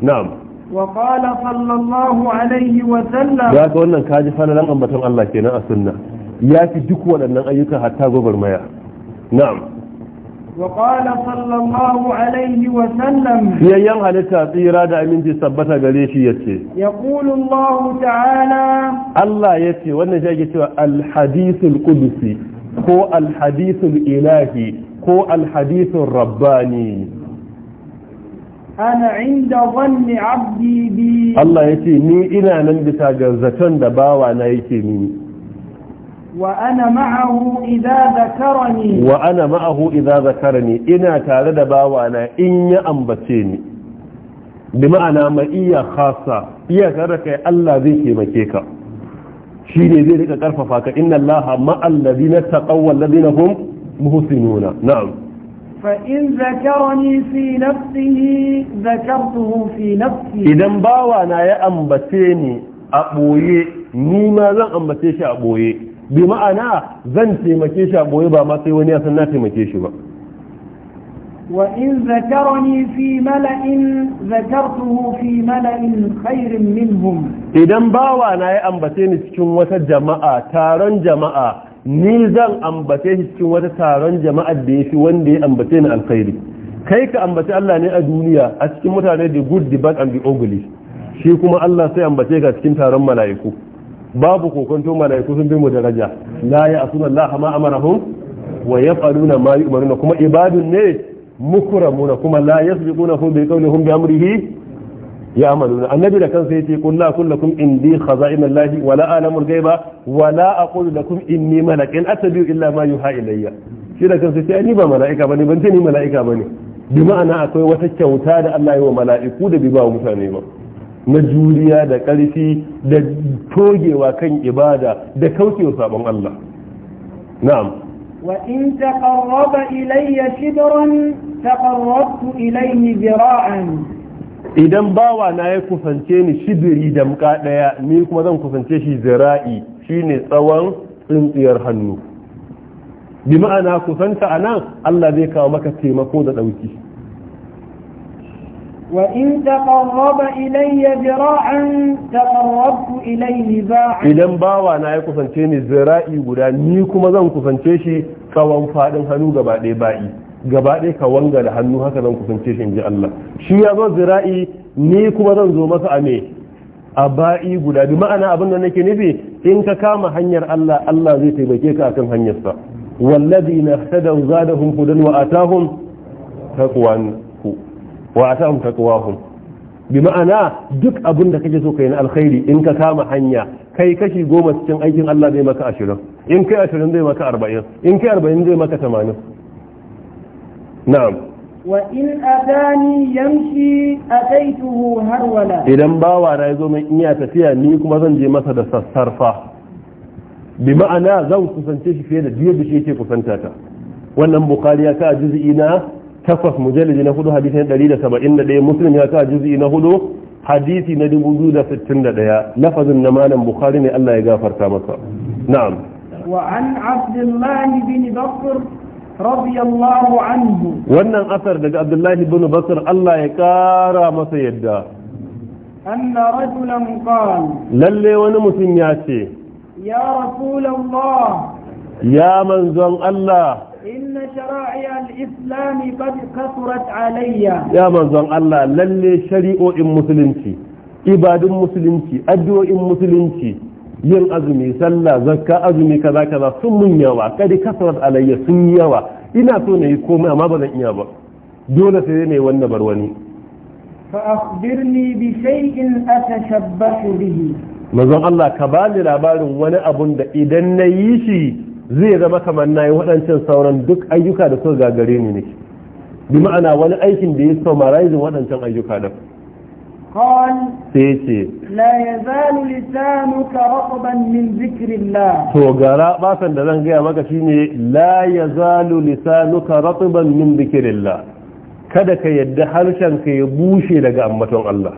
na'am وقال صلى الله عليه وسلم ذاك wannan kaji falalan ambaton Allah kenan a sunna yafi duk waɗannan ayyuka hatta gobar maya na'am وقال صلى الله عليه وسلم يا يان حالتا تيرا دا امينتي ثبتا غاري شي يتي يقول الله تعالى الله يتي wannan shi ake cewa al-hadithul ko al-hadithul ilahi ko al rabbani ana inda wanne abdi bi Allah ya ce ni ina nan bisa ga zaton da bawa na yake ni. wa ana ma'ahu idza zakarani wa ana ma'ahu idza zakarani ina tare da bawa na in ya ambace ni bi ma'ana ma iya khassa iya tare kai Allah zai taimake ka shine zai rika karfafa ka inna Allah ma'al ladina taqawwa ladina hum muhsinuna na'am فإن ذكرني في نفسه ذكرته في نفسي إذا باوانا يا أنبتيني أبوي نيما زن أنبتيش أبوي بمعنى زن تيمكيش أبوي با ما تيوني أسنا تيمكيش با وإن ذكرني في ملأ ذكرته في ملأ خير منهم إذا باوانا يا أنبتيني سكن وسجماعة تارن جماعة ni zan ambace shi cikin wata taron jama'a da ya fi wanda ya ambace ni alkhairi kai ka ambace Allah ne a duniya a cikin mutane the good the bad and the ugly shi kuma Allah sai ambace ka cikin taron mala'iku babu kokonto mala'iku sun bi mu daraja la ya asunallahu ma amarahum wa ma yu'maruna kuma ibadun ne mukramuna kuma la yasbiquna hum bi qawlihim bi amrihi ya'maluna annabi da kansa yace qul la kullu lakum indi khaza'inallahi wa la a'lamul ghaiba wa la aqulu lakum inni malakun atabi'u illa ma yuha shi da kansa yace ni ba mala'ika bane ban ce ni mala'ika bane bi ma'ana akwai wata kyauta da Allah ya wa mala'iku da bi ba mutane ba na juriya da ƙarfi da togewa kan ibada da kaucewa sabon Allah na'am وإن تقرب إلي شبرا تقربت إليه ذراعا idan bawa na ya kusance ni da muka daya ni kuma zan kusance shi zira'i shine tsawon tsintsiyar hannu bi ma'ana kusanta nan Allah zai kawo maka taimako da dauki wa in taqarraba ilayya zira'an taqarrabtu ilayhi ba'an idan bawa na ya kusance ni zira'i guda ni kuma zan kusance shi tsawon fadin hannu gaba daya ba'i gaba ɗaya ka wanga da hannu haka zan kusance shi in Allah shi ya zo zira'i ni kuma zan zo masa a a ba'i guda bi ma'ana abin da nake nufi in ka kama hanyar Allah Allah zai taimake ka akan hanyarsa na ihtadaw zadahum hudan wa atahum taqwan wa atahum taqwahum bi ma'ana duk abin da kake so kai na alkhairi in ka kama hanya kai kashi goma cikin aikin Allah zai maka ashirin in kai ashirin zai maka arba'in in kai arba'in zai maka tamanin na'am wa in atani yamshi ataituhu harwala idan bawa ya yazo mai in ya tafiya ni kuma zan je masa da sassarfa bi ma'ana zan kusance shi fiye da biyar da shi yake kusanta ta wannan bukari ya ka juz'i na takwas mujallidi na hudu hadisi na ɗari da saba'in da ɗaya muslim ya na hudu hadisi na dubu biyu da sittin da na malam bukari ne allah ya gafarta masa na'am وعن عبد الله بن بكر radiyallahu anhu wannan asar daga abdullahi ibn basr Allah ya kara masa yadda anna rajulan qala lalle wani mutum ya ce ya rasulullah ya manzon Allah inna shara'i'a al-islam qad kasurat alayya ya manzon Allah lalle shari'o'in musulunci ibadun musulunci addu'o'in musulunci yin azumi sallah zakka azumi kaza kaza sun mun yawa kadi kasrat alayya sun yawa ina so na yi komai amma ba iya ba dole sai ne wanda bar wani fa akhbirni bi shay'in atashabbahu bihi mazan Allah ka bani labarin wani abun da idan na yi shi zai zama kamar na yi waɗancan sauran duk ayyuka da suka gagare ni ne bi ma'ana wani aikin da ya summarizing waɗancan ayyuka da su. sai ce la ya zalu lisanuka raqban min zikrillah to gara basan da zan gaya maka shine la ya zalu lisanuka raqban min kada ka yadda harshen ka ya bushe daga ambaton Allah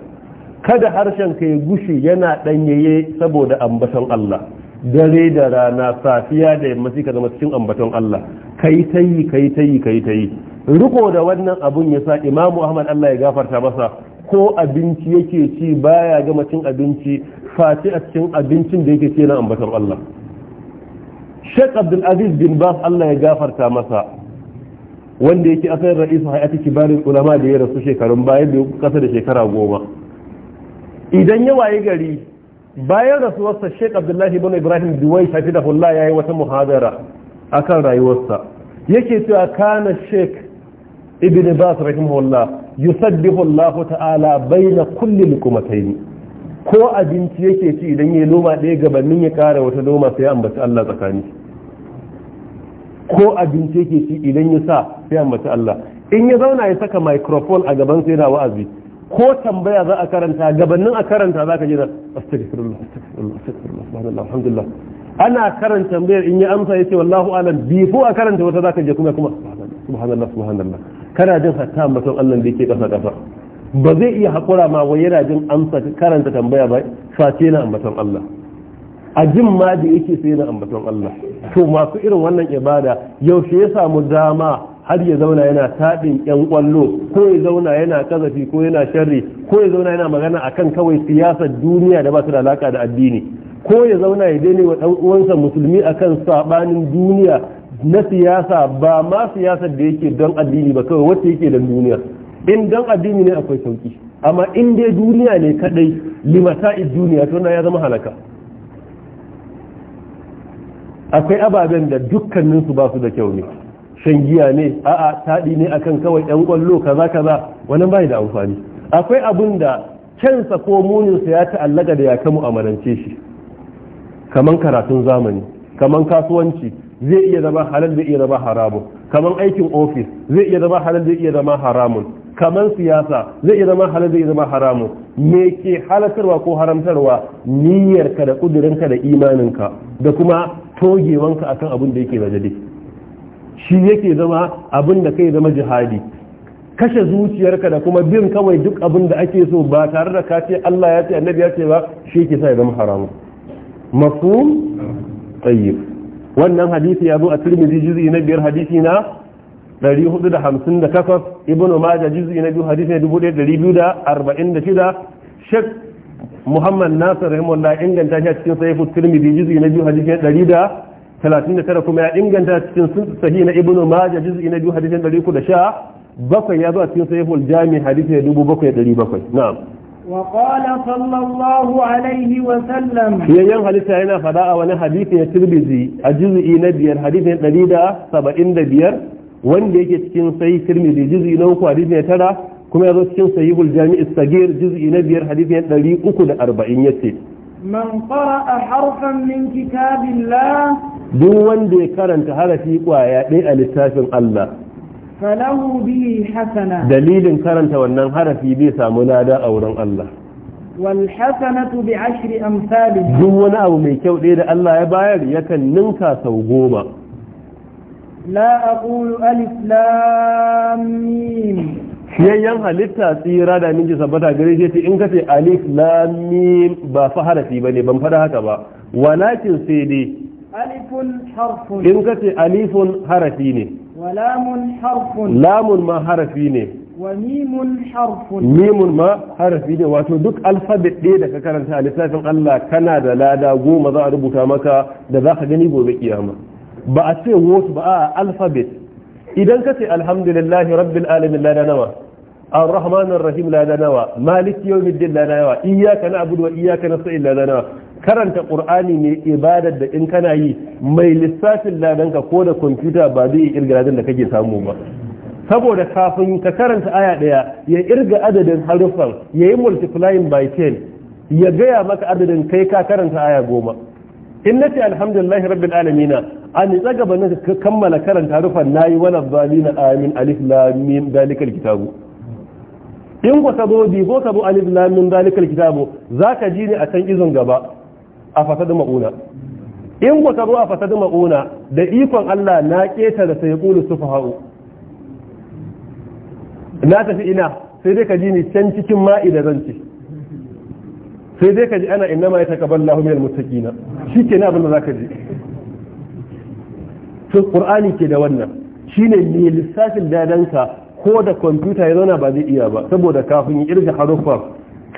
kada harshen ka ya gushe yana danyaye saboda ambaton Allah dare da rana safiya da yamma sai ka zama cikin ambaton Allah kai tayi kai tayi kai tayi riko da wannan abun sa, Imam Ahmad Allah ya gafarta masa ko abinci yake ci baya gama cin abinci face a cikin abincin da yake ci na ambatar Allah Sheikh Abdul Aziz bin Bas Allah ya gafarta masa wanda yake asalin ra'isu hayati kibarin ulama da ya rasu shekarun baya da kasa da shekara goma idan ya waye gari bayan rasuwarsa Sheikh Abdullahi bin Ibrahim Duwai da ya yi wata muhadara akan rayuwarsa yake cewa kana Sheikh ibn bas rahimahullah yusabbihu Allah ta'ala baina kulli luqmatayn ko abinci yake ci idan ya noma ɗaya gabanin ya kara wata loma sai ambaci Allah tsakani ko abinci yake ci idan ya sa sai ambaci Allah in ya zauna ya saka microphone a gaban sai yana wa'azi ko tambaya za a karanta gabanin a karanta za ka ji da astagfirullah astagfirullah astagfirullah subhanallah alhamdulillah ana karanta tambayar in ya amsa yace wallahu alam bifu a karanta wata za ka je kuma kuma subhanallah subhanallah kana jin hatta mutum Allah da yake kasa kasa ba zai iya hakura ma wai yana jin amsa karanta tambaya ba face na ambaton Allah a jin ma da yake sai na ambaton Allah to masu irin wannan ibada yaushe ya samu dama har ya zauna yana taɗin ƴan ƙwallo ko ya zauna yana kazafi ko yana sharri ko ya zauna yana magana akan kawai siyasar duniya da ba su da alaka da addini ko ya zauna ya daina wa ɗan uwansa musulmi akan sabanin duniya na siyasa ba ma siyasar da yake don addini ba kawai wacce yake don duniya in don addini ne akwai sauki amma in dai duniya ne kadai limata duniya to na ya zama halaka akwai ababen da dukkanin su ba su da kyau ne shan giya ne a'a taɗi ne akan kawai 'yan kwallo, kaza kaza wani bai da amfani akwai abun da kyansa ko munin sa ya ta'allaka da ya kamu amalance shi kaman karatun zamani kaman kasuwanci zai iya zama halal zai iya zama haramun kaman aikin ofis zai iya zama halal zai iya zama haramun kaman siyasa zai iya zama halal zai iya zama haramun me ke halatarwa ko haramtarwa niyyarka da kudurinka da imaninka da kuma togewanka akan abin da yake najadi shi yake zama abin da kai zama jihadi kashe zuciyarka da kuma bin kawai duk abin da ake so ba tare da ka ce Allah ya ce annabi ya ce ba shi ke sa zama haramun mafhum tayyib wannan hadisi ya zo a tirmidhi juz'i na biyar hadisi na 458 Ibn majah juz'i na biyu hadisi na 1246 shek muhammad nasir rahimahullah inganta shi a cikin sahihu tirmidhi juz'i na biyu hadisi na 139 kuma ya inganta cikin sahih na Ibn majah juz'i na biyu hadisi na 317 ya zo a cikin sahihu al-jami hadisi na 7700 na'am وقال صلى الله عليه وسلم في يوم حديث هنا فداء وانا حديث الترمذي الجزء نبير حديث دليدا 75 wanda yake cikin sai tirmidhi juz'i na uku hadisi na tara kuma yazo cikin sahihul jami'i sagir juz'i na biyar hadisi na ɗari uku da arba'in yace man qara'a harfan min kitabillah duk wanda ya karanta harafi kwaya ɗaya a littafin Allah falahu bihi hasana dalilin karanta wannan harafi zai samu lada a wurin Allah wal hasanatu bi ashri amsalih duk wani abu mai kyau ɗaya da Allah ya bayar yakan ninka sau goma la aqulu alif lam mim halitta tsira da minji sabbata gare shi in ka ce alif lam ba fa harafi bane ban fada haka ba walakin sai dai alifun harfun in ka ce alifun harafi ne ولام حرف لام ما حرفي ne وميم حرف ميم ما ne wato duk alfabet ɗaya da ka karanta a lissafin Allah kana da lada goma za a rubuta maka da za ka gani gobe kiyama ba a ce wasu ba a alfabet idan ka ce alhamdulillahi rabbil alamin lada nawa الرحمن الرحيم لا دنوى مالك يوم الدين لا دنوى إياك نعبد وإياك karanta qur'ani ne ibadar da in kana yi mai lissafin ladanka ko da kwamfuta ba zai irga da kake samu ba saboda kafin ka karanta aya daya ya irga adadin haruffan ya yi multiplying by 10 ya gaya maka adadin kai ka karanta aya goma in na ce alhamdulillahi rabbil alamina a ni tsaga ba ka kammala karanta haruffan na yi wani zalina amin alif lamin dalikal kitabu in ku sabo bi ko sabo alif lam min zalikal kitabu zaka ji ne a can izon gaba a fasadu ma'una in wata ruwa fasadu ma'una da ikon Allah na keta da sai kulu su fahau na tafi ina sai dai ka ji ni can cikin ma'i da sai dai ka ji ana inna ma ya taqabbalu minal muttaqina shikenan abin da zaka ji to qur'ani ke da wannan shine ne lissafin dadanka ko da kwamfuta ya zauna ba zai iya ba saboda kafin ya irga haruffa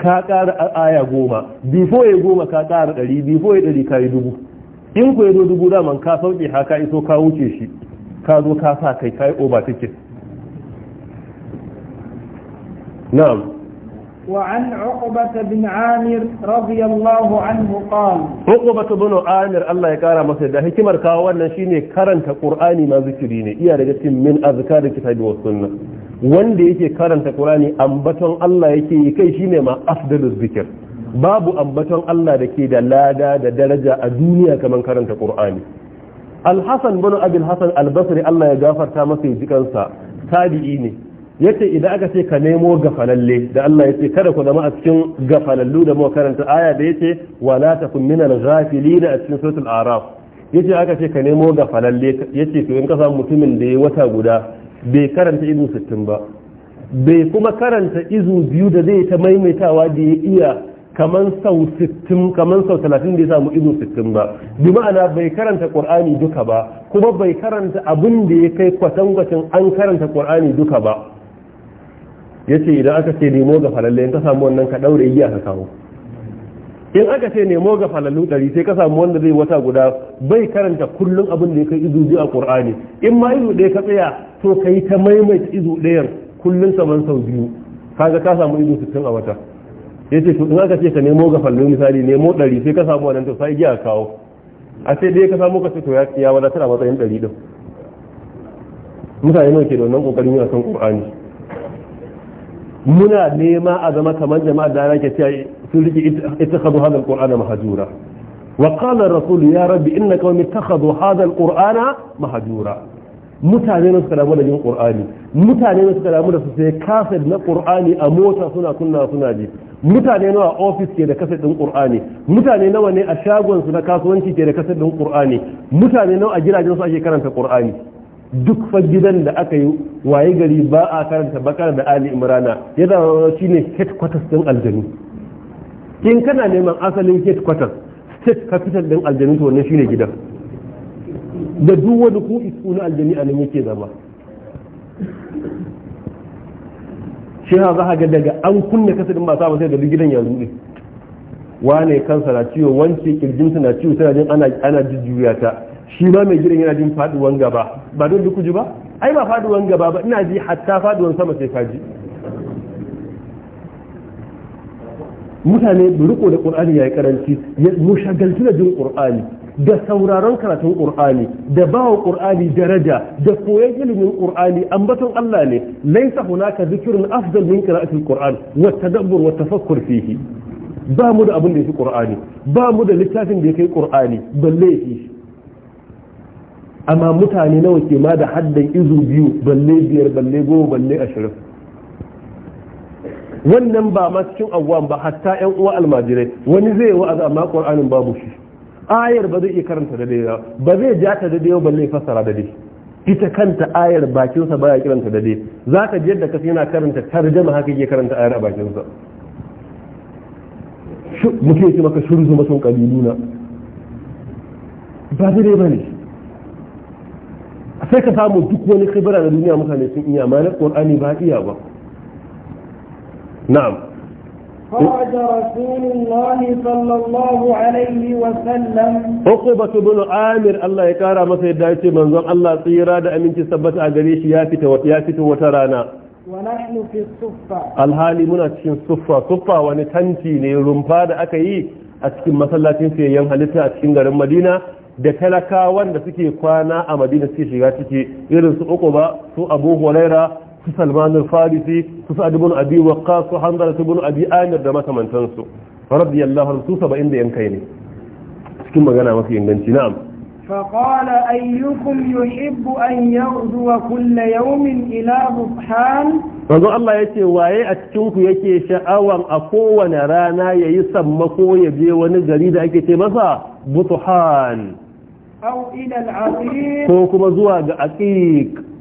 ka ƙara aya goma bifo ya goma ka ƙara ɗari bifo ya ɗari ka yi dubu in ku ya zo dubu daman ka sauke haka iso ka wuce shi ka zo ka sa kai ka yi take na'am وعن عقبة بن عامر رضي الله عنه قال عقبة بن عامر الله يكارى مسجد هكمر كاوانا شيني كرنت قرآني ما ذكريني إيا رجل من أذكار الكتاب والسنة wanda yake karanta qur'ani ambaton Allah yake yi kai shine ma afdalul zikir babu ambaton Allah da ke da lada da daraja a duniya kamar karanta qur'ani al-hasan bin abul hasan al-basri Allah ya gafarta masa jikansa tabi'i ne yace idan aka ce ka nemo gafalalle da Allah yace kada ku zama a cikin gafalallu da mu karanta aya da yace wala takun al ghafilin a cikin suratul araf yace aka ce ka nemo gafalalle yace to in ka samu mutumin da ya wata guda bai karanta izu sittin ba bai kuma karanta izu biyu da zai ta maimaitawa da ya iya kaman sau sittin kaman sau talatin da ya samu izu sittin ba bi ma'ana bai karanta qur'ani duka ba kuma bai karanta abin da ya kai kwatankwacin an karanta qur'ani duka ba yace idan aka ce nemo ga falalle in ka samu wannan ka daure igiya ka kawo in aka ce nemo ga falalu ɗari sai ka samu wanda zai wata guda bai karanta kullum abin da ya kai izu biyu a ƙur'ani in ma izu ɗaya ka tsaya to ka yi ta maimaita izu ɗayan kullum saman sau biyu kaga ka samu izu sittin a wata ya ce in aka ce ka nemo ga falalu misali nemo ɗari sai ka samu wannan to sai giya kawo a sai dai ka samu ka ce to ya wada tana matsayin ɗari ɗin mutane nawa ke da wannan ƙoƙarin yin a kan ƙur'ani muna nema a zama kamar jama'a da ana ke cewa sun rike ittakhadhu hadha alqur'ana mahjura wa qala rasul ya rabbi inna qaumi ittakhadhu hadha alqur'ana mahjura mutane ne suka damu da jin qur'ani mutane ne suka damu da su sai kaset na qur'ani a mota suna kunna suna ji mutane nawa ofis ke da kaset din qur'ani mutane nawa ne a shagon su na kasuwanci ke da kaset din qur'ani mutane nawa a gidajen su ake karanta qur'ani duk fa gidan da aka yi waye gari ba a karanta bakar da ali imrana ya zama shine headquarters din aljanu in kana neman asalin gate quarters state capital din aljanu to wannan shine gidan da duk wani ku isu na aljani a nan yake zama shi ha za ga daga an kunna kasadin ba sa sai da gidan ya rude wane kansa na ciwo wance kirjin na ciwo tana jin ana ana jujjuya ta shi ma mai gidan yana jin faduwan gaba ba don duk ji ba ai ba faduwan gaba ba ina ji hatta faduwan sama sai ka ji mutane riko da ya yi karanci ya shagaltu da jin ƙur'ani da sauraron karatun ƙur'ani da bawa ƙur'ani daraja da koyon ilimin ƙur'ani ambaton Allah ne laysa hunaka zikirin afdal min qira'atil qur'an wa tadabbur wa tafakkur fihi ba mu da abin da yake ƙur'ani. ba mu da littafin da yake qur'ani balle yake amma mutane nawa ke ma da haddan izu biyu balle biyar balle goma balle ashirin wannan ba ma cikin awwam ba hatta yan uwa almajirai wani zai yi wa'azi amma qur'anin babu shi ayar ba zai iya karanta da daidai ba zai ja ta da ba zai fassara da dai ita kanta ayar bakinsa baya kiranta da dai zaka ji yadda kace yana karanta tarjuma haka yake karanta ayar a bakinsa muke ce maka shurzu sun kabiluna ba ba ne sai ka samu duk wani kibira na duniya mutane sun iya ma na qur'ani ba iya ba na'am خرج رسول الله صلى الله عليه وسلم عقبة بن عامر الله يكارى مسا يدايتي منظم الله tsira da aminci sabbata a gare shi ya fito wata rana ونحن في الصفة الحالي منا cikin suffa suffa wani tanti ne rumfa da aka yi a cikin masallacin fiyayyen halitta a cikin garin Madina da talakawan da suke kwana a Madina suke shiga ciki irin su Uquba su Abu Huraira su salman al-farisi su sa'ad ibn abi waqqas su hanzala ibn abi amir da makamantansu radiyallahu anhu su 70 da yankai ne cikin magana masu inganci na'am فقال أيكم an أن يغزو كل يوم إلى بطحان manzo Allah ya ce waye a cikinku yake sha'awan a kowane rana ya yi ko ya je wani gari da ake ce masa butuhan ko kuma zuwa ga aqiq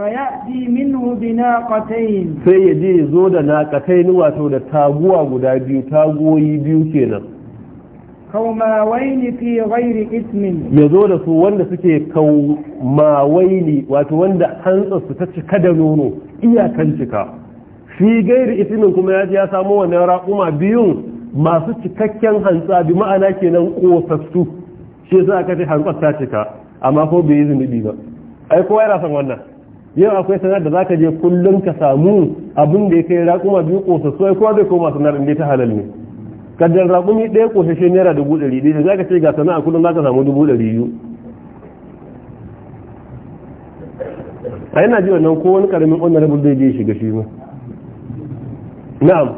fayati minhu binaqatayn sai ya je zo da naqatayn wato da taguwa guda biyu tagoyi biyu kenan kaumawaini fi ghairi ismin ya zo da su wanda suke kaumawaini wato wanda hantsar ta cika da nono iyakan cika fi gairi ismin kuma ya ya samo wannan raƙuma biyun masu cikakken hantsa bi ma'ana kenan kosassu shi yasa aka ce hantsar ta cika amma ko bai yi zunubi ba ai kowa yana son wannan yau akwai sanar da zaka je kullum ka samu abin da ya kai raƙuma biyu ƙosassu ai kowa zai koma sanar inda ta halal ne kaddar raƙumi ɗaya ƙosashe naira dubu ɗari ɗaya da zaka ce ga sana'a kullum zaka samu dubu ɗari biyu a yana ji wannan ko wani ƙaramin honorable zai je shiga shi ma na'am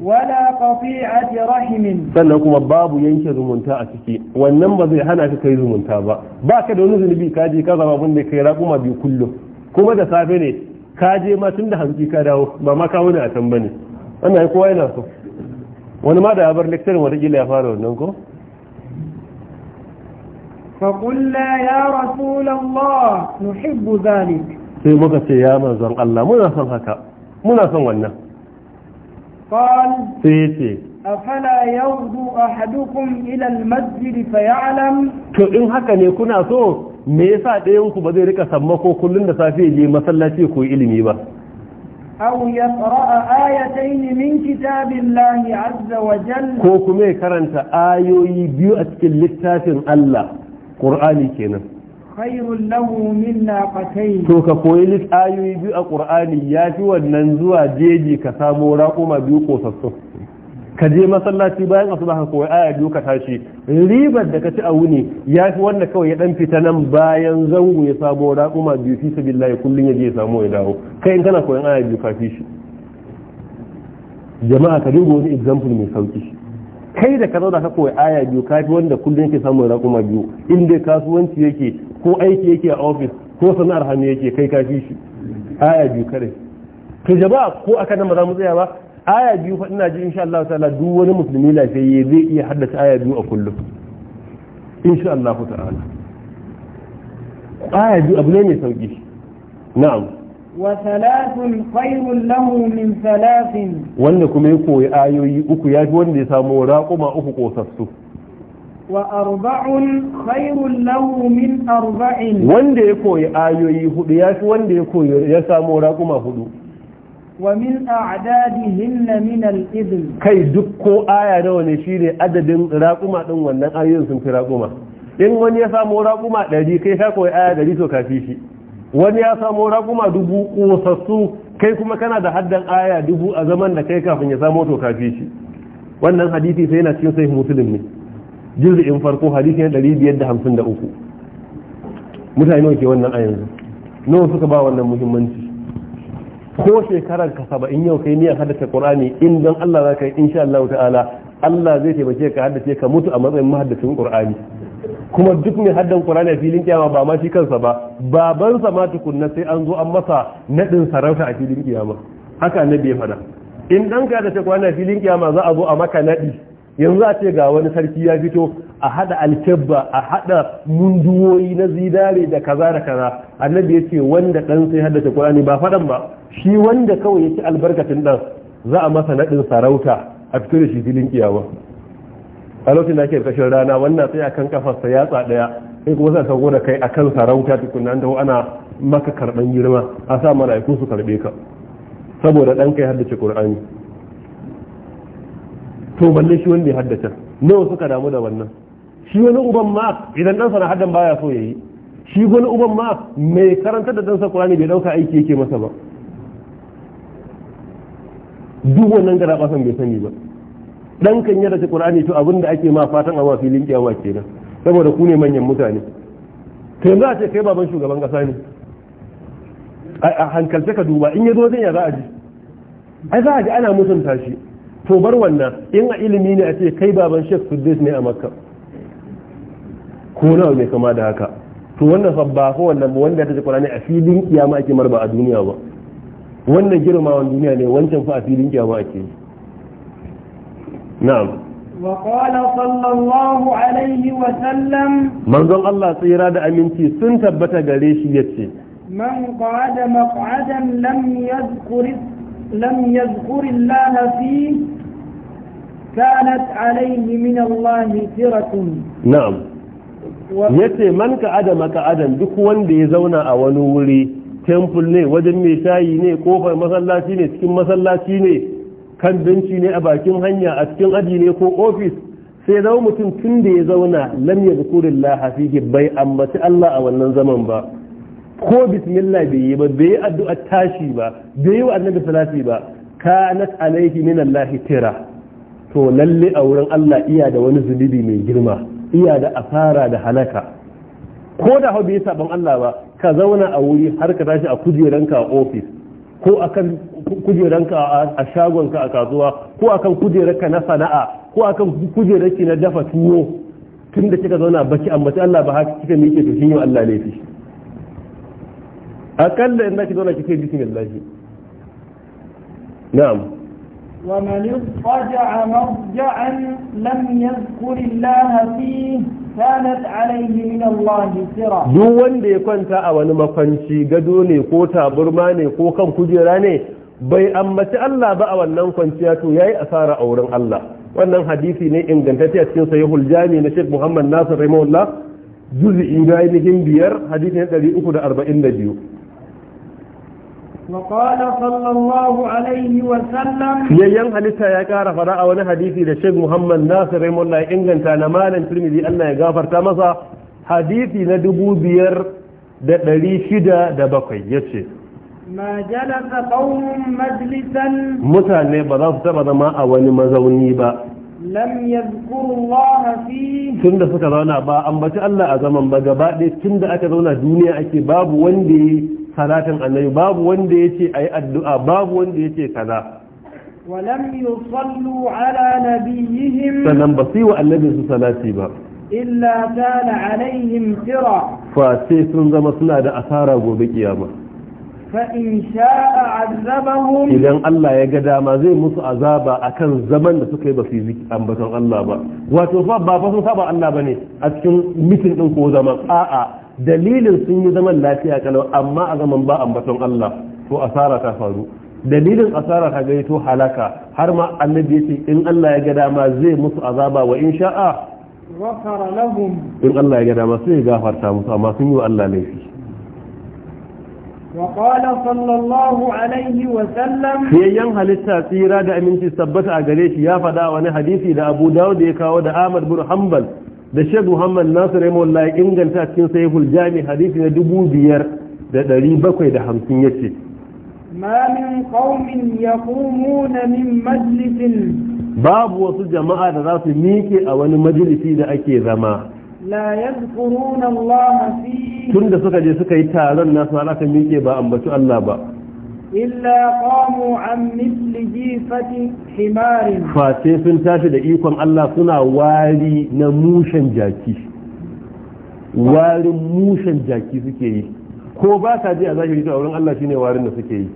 wala qati'ati rahimin sannan kuma babu yanke zumunta a ciki wannan ba zai hana ka kai zumunta ba ba ka da wani zunubi ka je ka zama abin da kai raƙuma biyu kullum kuma da safe ne ka je ma tun da hanzu ka dawo ba ma kawo ne a can bane wannan kowa yana so wani ma da ya bar lecturing watakila ya fara wannan ko فقلنا يا رسول الله nuhibbu zalik sai muka ce ya manzon Allah muna son haka muna son wannan qal sai ce afala yawdu ahadukum ila almasjid fayalam. to in haka ne kuna so me yasa ɗayan ku ba zai rika sammako kullun da safe je masallaci ko ilimi ba aw yaqra ayatayn min kitabillahi azza wa jalla ko kuma ya karanta ayoyi biyu a cikin littafin Allah Qur'ani kenan khairul lahu min naqatayn to ka koyi ayoyi biyu a Qur'ani yafi wannan zuwa jeji ka samo raƙuma biyu ko sassu ka je masallaci bayan asuba ka koyi aya biyu ka tashi ribar da ka ci a wuni ya fi wanda kawai ya dan fita nan bayan zango ya samo raƙuma biyu fi biLlahi kullum ya je ya samu ya dawo kai in kana koyan aya biyu ka fi shi jama'a ka dubu wani example mai sauki kai da ka zauna ka koyi aya biyu ka fi wanda kullum yake samun raƙuma biyu inda kasuwanci yake ko aiki yake a office ko sana'ar hannu yake kai ka fi shi aya biyu kare ka jama'a ko aka nan ba za mu tsaya ba aya biyu fa ina ji insha Allah ta'ala duk wani musulmi lafiyayye zai iya haddace aya biyu a kullum insha Allah ta'ala aya biyu abu ne mai sauki na'am wa thalathun khairun lahu min thalathin wanda kuma ya koyi ayoyi uku ya fi wanda ya samu raquma uku kosassu wa arba'un khairun lahu min arba'in wanda ya koyi ayoyi hudu ya fi wanda ya koyi ya samu raquma hudu wa min a'dadihim min al-ibl kai duk ko aya nawa ne shine adadin raquma din wannan ayoyin sun fi raquma in wani ya samu raquma 100 kai ka aya 100 to kafi shi wani ya samu raquma dubu kosassu kai kuma kana da haddan aya dubu a zaman da kai kafin ya samu to kafi shi wannan hadisi sai yana cikin sahih muslim ne juz'in farko hadisi na 553 mutane nawa ke wannan a yanzu nawa suka ba wannan muhimmanci ko shekarar ka saba'in yau kai niyyar haddace qur'ani in don Allah za ka yi insha Allah ta'ala Allah zai taimake ka haddace ka mutu a matsayin mahaddacin qur'ani kuma duk mai haddan qur'ani a filin kiyama ba ma shi kansa ba babansa ma tukunna sai an zo an masa naɗin sarauta a filin kiyama haka annabi ya faɗa in dan ka haddace qur'ani a filin kiyama za a zo a maka naɗi. yanzu a ce ga wani sarki ya fito a hada alkebba a hada munduwoyi na zinare da kaza da kaza annabi ya ce wanda dan sai haddace qur'ani ba fadan ba shi wanda kawai ya ci albarkacin dan za a masa nadin sarauta a fito da shi filin kiyawa a lokacin da ke kashin rana wannan sai akan kafarsa yatsa daya sai kuma sai kago da kai akan sarauta tukunna da ana maka karban girma a sa mala'iku su karbe ka saboda dan kai haddace qur'ani to balle shi wanda ya haddace nawa suka damu da wannan shi wani uban ma idan ɗansa na haddan baya so ya yi shi wani uban ma mai karantar da ɗansa kurani bai ɗauka aiki yake masa ba duk wannan gara ɓasan bai sani ba ɗan kan yi ta kurani to abinda ake ma fatan a filin ke kenan saboda ku ne manyan mutane to yanzu a ce kai baban shugaban ƙasa ne a hankalce ka duba in ya zo ya za a ji ai za a ji ana mutunta shi to bar wannan in a ilimi ne a ce kai baban shek kudus ne a makka ko na mai kama da haka to wannan fa ba fa wannan wanda ta ji ne a filin kiyama ake marba a duniya ba wannan girmawan duniya ne wancan fa a filin kiyama ake yi na'am وقال صلى الله عليه وسلم من ظن الله تيرا دا امينتي سن تبتا غريشي يتي من قعد مقعدا لم يذكر لم يذكر الله فيه كانت عليه من الله سرة نعم yace man ka adama ka adam duk wanda ya zauna a wani wuri temple ne wajen mai shayi ne kofar masallaci ne cikin masallaci ne kan benci ne a bakin hanya a cikin aji ne ko ofis sai zama mutum tun da ya zauna lam ya zukurin lahafi bai ambaci Allah a wannan zaman ba ko bismillah bai yi ba bai yi addu'a tashi ba bai yi wa annabi salati ba kanat alaihi min Allah tira to lalle a wurin Allah iya da wani zunubi mai girma iya da asara da halaka ko da hau bai saban Allah ba ka zauna a wuri har ka tashi a kujeranka a ofis ko akan kujeranka a shagonka a kasuwa ko akan kujeranka na sana'a ko akan kujeranki na dafa tuwo tun da kika zauna baki ambaci Allah ba haka kika miƙe to shin Allah laifi akalla in zaki zauna kike bismillah na'am ومن اضطجع مرجعا لم يذكر الله فيه kanat alaihi min Allah sira duk wanda ya kwanta a wani makwanci gado ne ko taburma ne ko kan kujera ne bai ambaci Allah ba a wannan kwanciya to yayi asara a wurin Allah wannan hadisi ne ingantacce a cikin sahihul jami na Sheikh Muhammad Nasir rahimahullah juz'i na ainihin biyar hadisi na 342 وقال صلى الله عليه وسلم يين حديثا يا كارا فدا a wani hadisi da Sheikh Muhammad Nasir Raymullah inganta na malam Tirmidhi Allah ya gafarta masa hadisi na 5607 yace ma jalasa qaumun majlisan mutane ba za su taba zama a wani mazauni ba lam yadhkuru Allah fi tunda suka zauna ba ambaci Allah azaman zaman ba gaba ɗaya tunda aka zauna duniya ake babu wanda ya salatin annabi babu wanda yace ayi addu'a babu wanda yace kaza ولم يصلوا على نبيهم sannan ba su wa annabin su salati ba illa kana alaihim tira fa sai sun zama suna da asara gobe kiyama فإن شاء idan allah ya يقدا zai musu azaba عذابا أكن zaman da suka yi ba su yi ambaton Allah ba wato ba fa sun saba Allah a cikin mitin ɗin ko zaman a'a dalilin sun yi zaman lafiya kalau amma a zaman ba ambaton Allah to asara ta faru dalilin asara ta to halaka har ma annabi yace in Allah ya ga dama zai musu azaba wa in sha'a ghafara lahum in Allah ya ga dama sai ya gafarta musu amma sun yi wa Allah laifi وقال صلى Sallallahu alaihi wa sallam. ين halitta tsira da aminci sabbata a gare shi ya fada wani hadisi da Abu Dawud ya kawo da Ahmad bin Hanbal da shek muhammad nasir rahimahullah ya inganta cikin sahihul jami hadisi na dubu biyar da ɗari bakwai da hamsin ya ce ma min qaumin yaqumuna min majlisin babu wasu jama'a da za su miƙe a wani majalisi da ake zama la yadhkuruna Allah fi tunda suka je suka yi taron nasu ka miƙe ba ambaci Allah ba إلا قاموا عن مثل جيفة حمار فاتي سن تاشي da ikon Allah suna wari na mushen jaki warin mushen jaki suke yi ko ba ka ji a zahiri to auren Allah shine warin da suke yi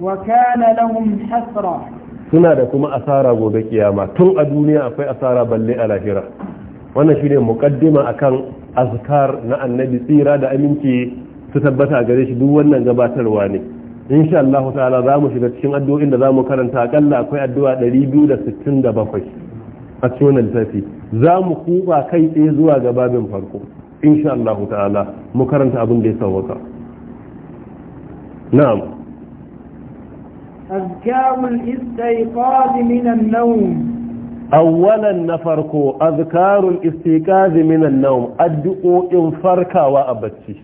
wa kana lahum hasra suna da kuma asara gobe ƙiyama. tun a duniya akwai asara balle a lahira wannan shine a kan azkar na annabi tsira da aminci su tabbata gare shi duk wannan gabatarwa ne insha Allah ta'ala za mu shiga cikin addu'o'in da za mu karanta akalla akwai addu'a 267 a cikin lissafi za mu kuba kai tsaye zuwa ga babin farko insha Allah ta'ala mu karanta abin da ya sauka na'am أذكار الاستيقاظ من na farko نفرق أذكار الاستيقاظ من النوم addu'o'in farkawa a bacci.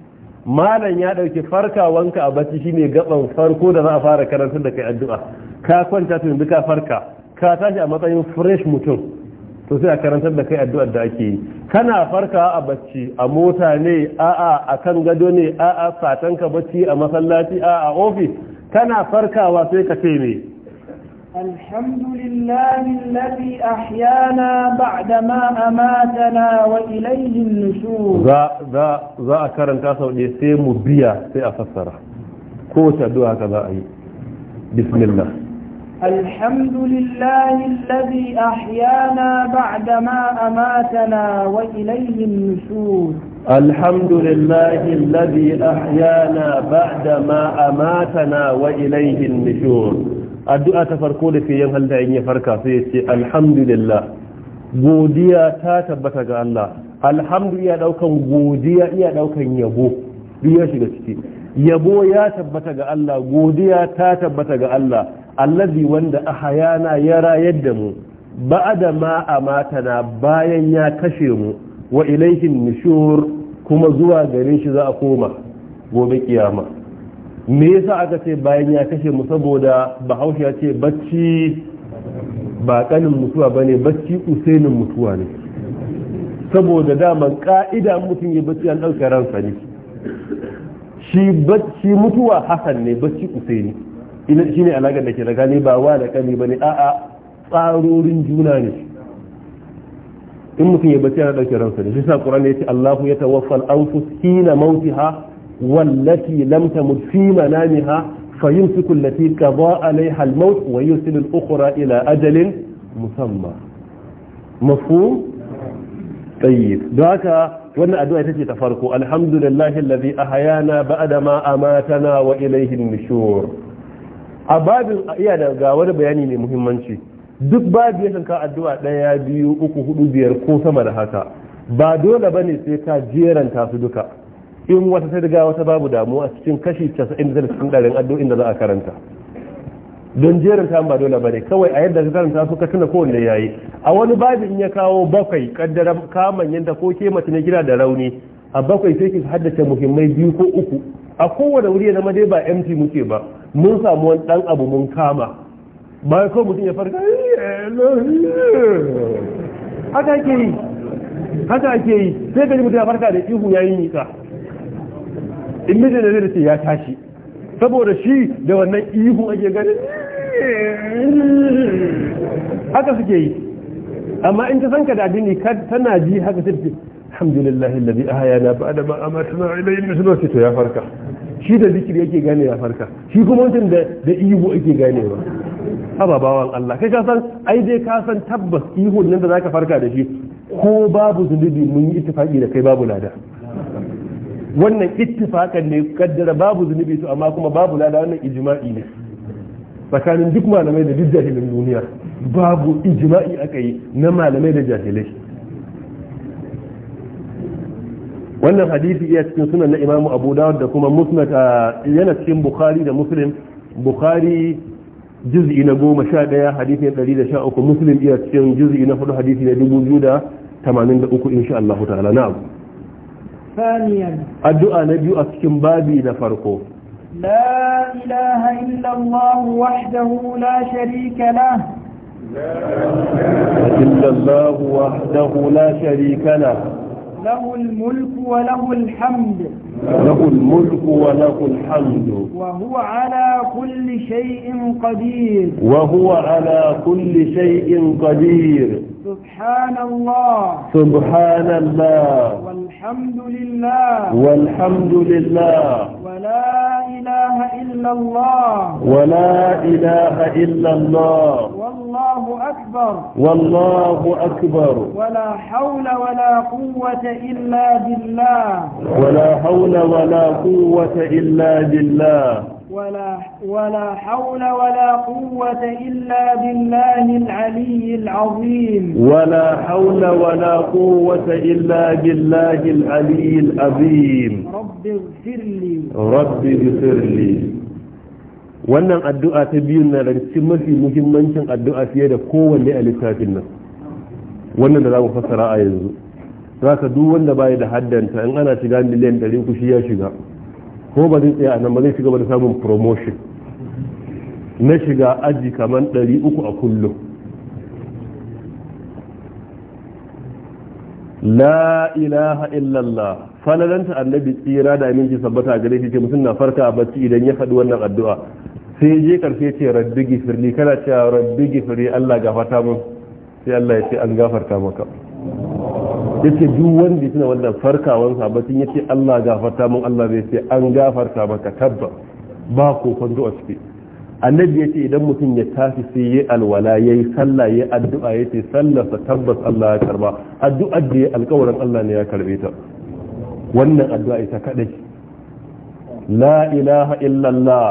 malam ya farka wanka a bacci shine gaban farko da za a fara karantar da kai addu'a ka kwanta tun duka farka ka tashi a matsayin fresh mutum to sai a karantar da kai addu'a da ake yi kana farka a bacci a mota ne a'a a kan gado ne a'a satanka bacci a masallaci a'a ofis kana farkawa sai ka ce ne الحمد لله الذي أحيانا بعدما أماتنا وإليه النشور ذا ذا ذا أكرن كاسو يسيم بيا في أفسرة كوتا دو كذا أي بسم الله الحمد لله الذي أحيانا بعدما أماتنا وإليه النشور الحمد لله الذي أحيانا بعدما أماتنا وإليه النشور addu'a ta farko da yin halda in ya farka sai ya ce alhamdulillah godiya ta tabbata ga Allah alhamdu iya daukan godiya iya daukan yabo duk ya shiga ciki yabo ya tabbata ga Allah godiya ta tabbata ga Allah allazi wanda ahayana ya rayar da mu ba'da ma amatana bayan ya kashe mu wa ilaihin nushur kuma zuwa gare shi za a koma gobe kiyama me yasa aka ce bayan ya kashe mu saboda bahaushe ya ce bacci ba kanin mutuwa ba ne bacci usainin mutuwa ne saboda daman ka'ida mutum ya bacci an ɗauka ransa ne shi bacci mutuwa hasan ne bacci usaini ina shi ne alaƙar da ke da gani ba wa da kani ba ne a'a tsarorin juna ne in mutum ya bacci an ɗauke ransa ne shi sa ƙuran ya ce allahu ya tawaffal anfus hina mautiha wallati lam tamut fi manamiha fayumsiku allati qada alaiha al-maut wa yursilu al-ukhra ila ajalin musamma mafhum tayyib don haka wannan addu'a ita ce ta farko alhamdulillahi allazi ahayana ba'da ma amatana wa ilayhi an a babin iya da ga wani bayani mai muhimmanci duk babu yakan ka addu'a ɗaya biyu uku hudu biyar ko sama da haka ba dole bane sai ka jeranta su duka in wata sai daga wata babu damuwa cikin kashi 90 cikin ɗarin addu'in da za a karanta don jerin ta ba dole bane kawai a yadda ka karanta su ka tuna kowanne yayi a wani babu in ya kawo bakwai kaddara kaman yanda ko ke mace ne gida da rauni a bakwai sai ki haddace muhimmai biyu ko uku a kowane wuri ya zama dai ba mt muke ba mun samu wani dan abu mun kama bayan kawo mutum ya farka haka ake yi haka ake yi sai ka ji mutum ya farka da ihu yayin nisa in miji da zai ce ya tashi saboda shi da wannan ihu ake gani haka suke yi amma in ta san ka da addini tana ji haka sai ce alhamdulillah alladhi ahyana ba'da ma amatna ilayhi min to ya farka shi da zikiri yake gane ya farka shi kuma wancan da da ihu yake ganewa haba bawan Allah kai ka san ai dai ka san tabbas ihu nan da zaka farka da shi ko babu zunubi mun yi ittifaki da kai babu lada wannan ittifakan ne kaddara babu zunubi su amma kuma babu lada wannan ijma'i ne tsakanin duk malamai da jahilin duniya babu ijma'i aka yi na malamai da jahilai wannan hadisi iya cikin sunan na imamu abu dawud da kuma musnad yana cikin bukhari da muslim bukhari juz'i na goma sha ɗaya hadisi na ɗari da sha uku muslim iya cikin juz'i na hudu hadisi na dubu biyu da tamanin da uku insha Allah ta'ala na'am ثانيا الدعاء نبي اكن بابي فرقو لا إله إلا الله وحده لا شريك له لا إلا الله وحده لا شريك له له الملك وله الحمد له الملك وله الحمد وهو على كل شيء قدير وهو على كل شيء قدير سبحان الله سبحان الله الحمد لله والحمد لله ولا إله إلا الله ولا إله إلا الله والله أكبر والله أكبر ولا حول ولا قوة إلا بالله ولا حول ولا قوة إلا بالله ولا ولا حول ولا قوة إلا بالله العلي العظيم ولا حول ولا قوة إلا بالله العلي العظيم رب اغفر لي رب اغفر لي wannan addu'a ta biyun na daga cikin mafi muhimmancin addu'a fiye da kowanne a littafin nan wannan da za mu fassara a yanzu za ka duk wanda baya da haddanta in ana shiga miliyan ku shi ya shiga ko ba zai tsaya nan ba zai shiga da samun promotion na shiga aji kamar uku a kullum la ilaha illallah falalanta annabi tsira da aminci sabbata gare shi ce mutum na farka a bacci idan ya faɗi wannan addu'a sai je karfe ce rabbi gifirli kana cewa rabbi gifirli Allah gafarta mun sai Allah ya ce an gafarta maka yake duk wanda yana wannan farkawan sabatin yace Allah gafarta mun Allah zai ce an gafarta maka tabba ba ko kwando a ciki annabi yace idan mutum ya tafi sai yayi alwala yayi sallah yayi addu'a yace sallarsa tabbas Allah ya karba addu'a da yayi alƙawarin Allah ne ya karbe ta wannan addu'a ita kadai la ilaha illallah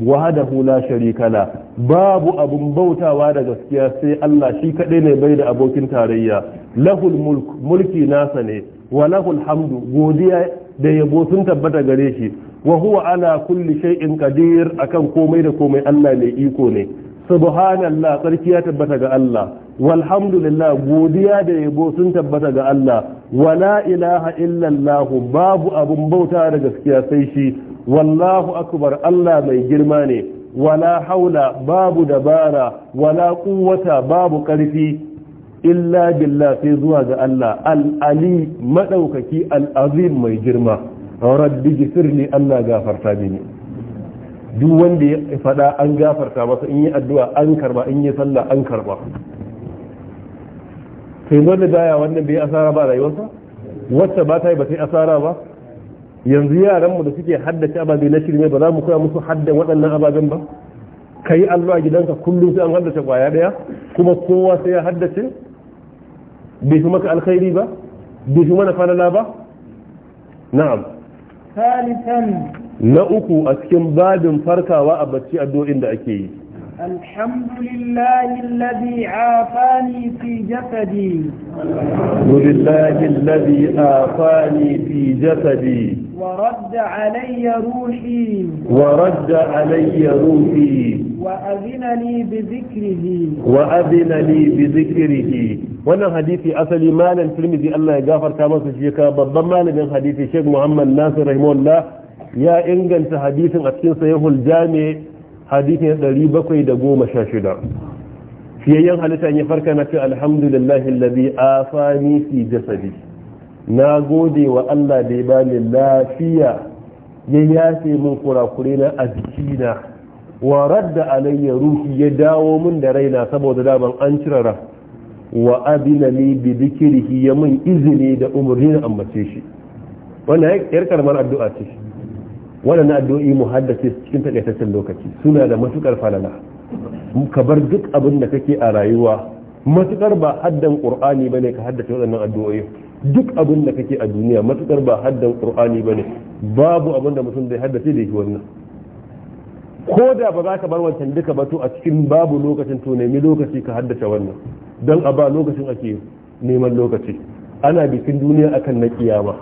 wahdahu la sharika la babu abun bautawa da gaskiya sai Allah shi kadai ne bai da abokin tarayya lahul mulk mulki nasa ne wa lahu alhamdu godiya da yabo sun tabbata gare shi wa huwa ala kulli shay'in qadir akan komai da komai Allah mai iko ne subhanallah sarki ya tabbata ga Allah walhamdulillah godiya da yabo sun tabbata ga Allah wala ilaha illallah babu abun bauta da gaskiya sai shi wallahu akbar Allah mai girma ne wala haula babu dabara wala quwwata babu karfi illa billah sai zuwa ga Allah al-ali madaukaki al-azim mai girma rabbi gifirli Allah gafarta mini duk wanda ya faɗa an gafarta masa in yi addu'a an karba in yi sallah an karba sai wanda daya wannan bai asara ba rayuwarsa wacce ba ta yi ba sai asara ba yanzu yaranmu da suke haddace ababe na shirme ba za mu koya musu haddan waɗannan ababen ba ka yi allo a gidanka kullum sai an haddace kwaya ɗaya kuma kowa sai ya haddace bai fi maka alkhairi ba bai fi mana falala ba na'am salisan na uku a cikin babin farkawa a bacci addu'o'in da ake yi alhamdulillahi alladhi afani fi jasadi alhamdulillahi alladhi afani fi jasadi ورد علي روحي ورد علي روحي وأذن لي بذكره وأذن لي بذكره wannan hadisi asali malam tirmidhi Allah ya gafarta masa shi ka babban malamin hadisi Sheikh Muhammad Nasir rahimahullah ya inganta hadisin a cikin sahihul jami hadisi na 716 fiyayyen halitta ya farka na ce alhamdulillahi alladhi afani fi jasadi na gode wa Allah da ya bani lafiya ya yafe min kurakure na a jikina wa radda alayya ruhi ya dawo min da raina saboda daman an cire wa adina li bi dhikrihi ya min izini da umurni na ambace shi wannan yar karamar addu'a ce Wannan addu'o'i muhaddace cikin takaitaccen lokaci suna da matukar falala ka bar duk abin da kake a rayuwa matukar ba haddan qur'ani bane ka haddace wannan addu'o'i duk abin da kake a duniya matukar ba haddan qur'ani bane babu abin da mutum zai haddace da shi wannan ko da ba za ka bar wancan duka ba to a cikin babu lokacin to nemi lokaci ka haddace wannan dan a ba lokacin ake neman lokaci ana bikin duniya akan na kiyama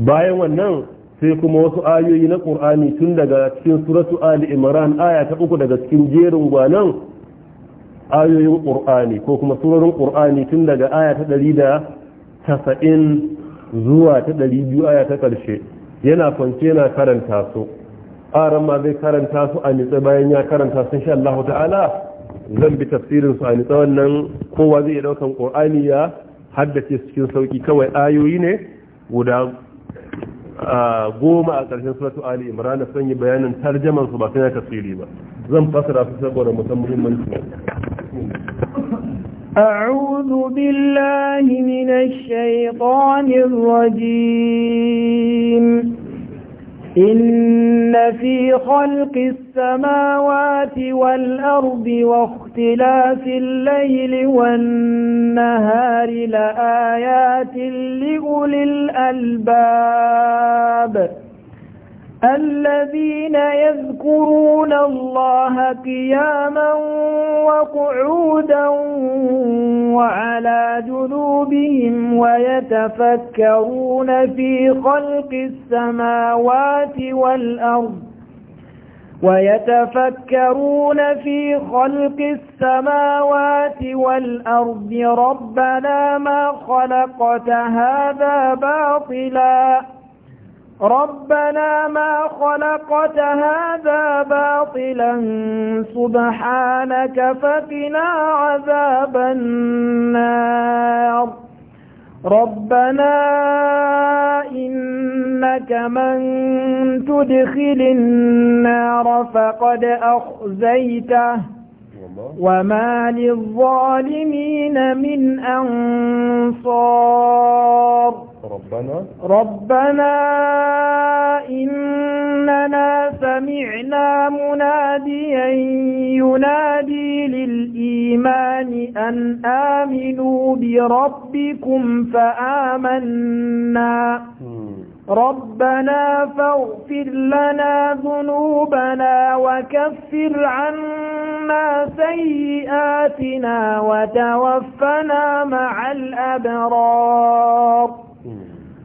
bayan wannan sai kuma wasu ayoyi na qur'ani tun daga cikin suratu ali imran aya ta uku daga cikin jerin gwanan ayoyin ƙur'ani ko kuma surorin ƙur'ani tun daga aya ta ɗari da tasa'in zuwa ta ɗari biyu aya ta ƙarshe yana kwance yana karanta su aran ma zai karanta su a nitsa bayan ya karanta su insha Allah ta'ala zan bi tafsirin su a nitsa wannan kowa zai ɗaukan ƙur'ani ya haddace cikin sauki kawai ayoyi ne guda goma a ƙarshen suratu ali imran sun yi bayanin tarjaman su ba sai na tafsiri ba zan fasara su saboda musan muhimmanci أعوذ بالله من الشيطان الرجيم إن في خلق السماوات والأرض واختلاف الليل والنهار لآيات لأولي الألباب الذين يذكرون الله قياما وقعودا وعلى جنوبهم ويتفكرون في خلق السماوات والأرض ويتفكرون في خلق السماوات والأرض ربنا ما خلقت هذا باطلاً ربنا ما خلقت هذا باطلا سبحانك فقنا عذاب النار ربنا إنك من تدخل النار فقد أخزيته وما للظالمين من أنصار ربنا ربنا إننا سمعنا مناديا ينادي للإيمان أن آمنوا بربكم فآمنا م. ربنا فاغفر لنا ذنوبنا وكفر عنا سيئاتنا وتوفنا مع الأبرار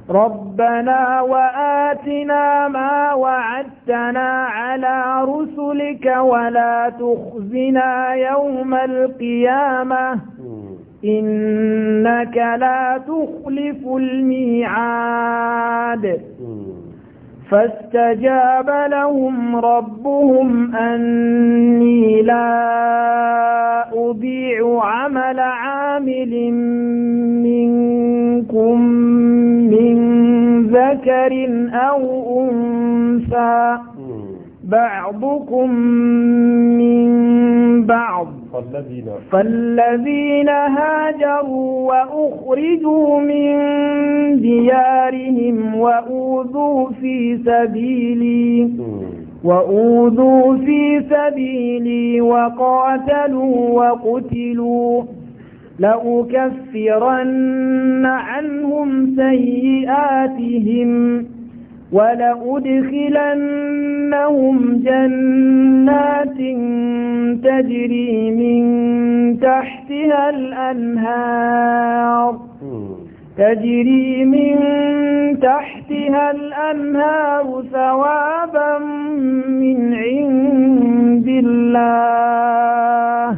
ربنا وآتنا ما وعدتنا على رسلك ولا تخزنا يوم القيامة إنك لا تخلف الميعاد فاستجاب لهم ربهم أني لا أضيع عمل عامل منكم من ذكر أو أنثى بعضكم من بعض فالذين, فالذين هاجروا وأخرجوا من ديارهم وأوذوا في سبيلي وأوذوا في سبيلي وقاتلوا وقتلوا لأكفرن عنهم سيئاتهم ولأدخلنهم جنات تجري من تحتها الأنهار تجري من تحتها الأنهار ثوابا من عند الله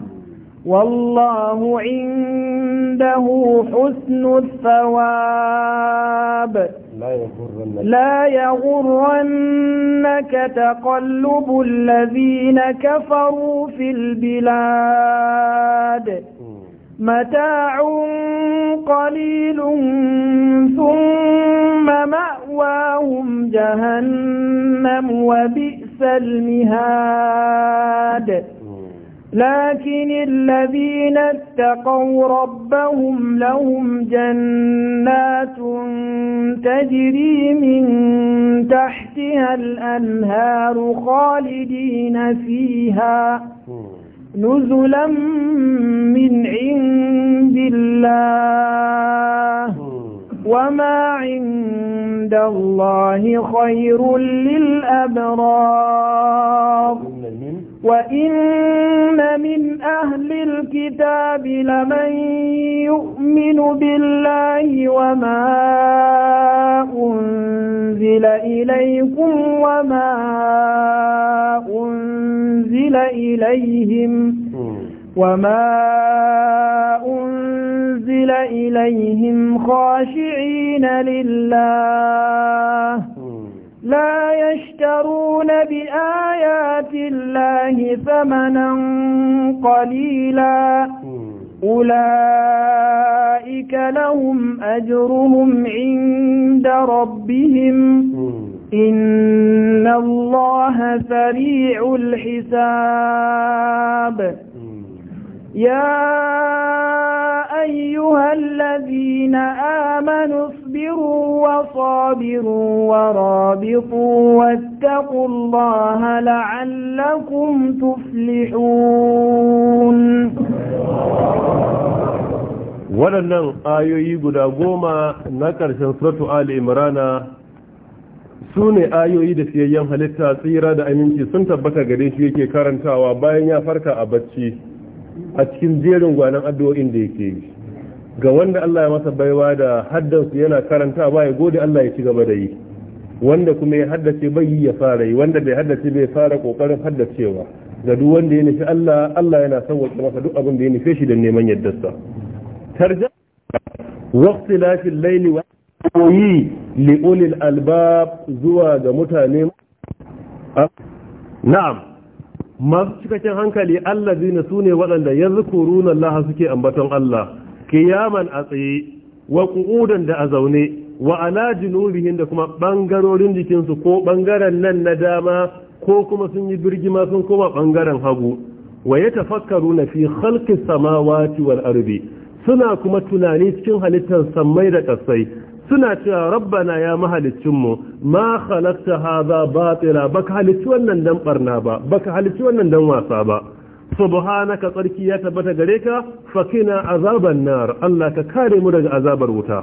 والله عنده حسن الثواب لا يغرنك, لا يغرنك تقلب الذين كفروا في البلاد متاع قليل ثم مأواهم جهنم وبئس المهاد لكن الذين اتقوا ربهم لهم جنات تجري من تحتها الأنهار خالدين فيها نزلا من عند الله وما عند الله خير للأبرار وإن أهل الكتاب لمن يؤمن بالله وما أنزل إليكم وما أنزل إليهم وما أنزل إليهم خاشعين لله لا يشترون بآيات الله ثمنا قليلا أولئك لهم أجرهم عند ربهم إن الله سريع الحساب يا أيها الذين آمنوا اصبروا وصابروا ورابطوا واتقوا الله لعلكم تفلحون waɗannan ayoyi guda goma na ƙarshen آل إمرانا sune ayoyi da siyayyen halitta tsira da aminci sun tabbata gare shi yake karantawa bayan ya farka a bacci a cikin jerin gwanan addu'o'in da yake yi ga wanda Allah ya masa baiwa da haddansu yana karanta ba ya gode Allah ya ci gaba da yi wanda kuma ya haddace bai yi ya fara yi wanda bai haddace bai fara kokarin haddacewa ga duk wanda ya nufi Allah Allah yana sauwaƙe masa duk abin da ya nufe shi da neman yaddarsa tarjama waqti lafil layli wa yi li ulil albab zuwa ga mutane na'am masu cikakken hankali Allah allazina sune waɗanda yanzu yazkuruna Laha suke ambaton Allah kiyaman a tsaye wa ƙudan da a zaune wa ala junubihim da kuma ɓangarorin jikinsu ko ɓangaren nan na dama ko kuma sun yi birgima sun koma ɓangaren hagu wa ya na fi halkin samawa wal arbi. suna kuma tunani cikin halittar sammai da ƙasai, suna cewa rabbana ya mahalicinmu ma halatta haza batila baka halicci wannan dan barna ba baka halicci wannan dan wasa ba subhanaka tsarki ya tabbata gare ka fakina azaban nar Allah ka kare mu daga azabar wuta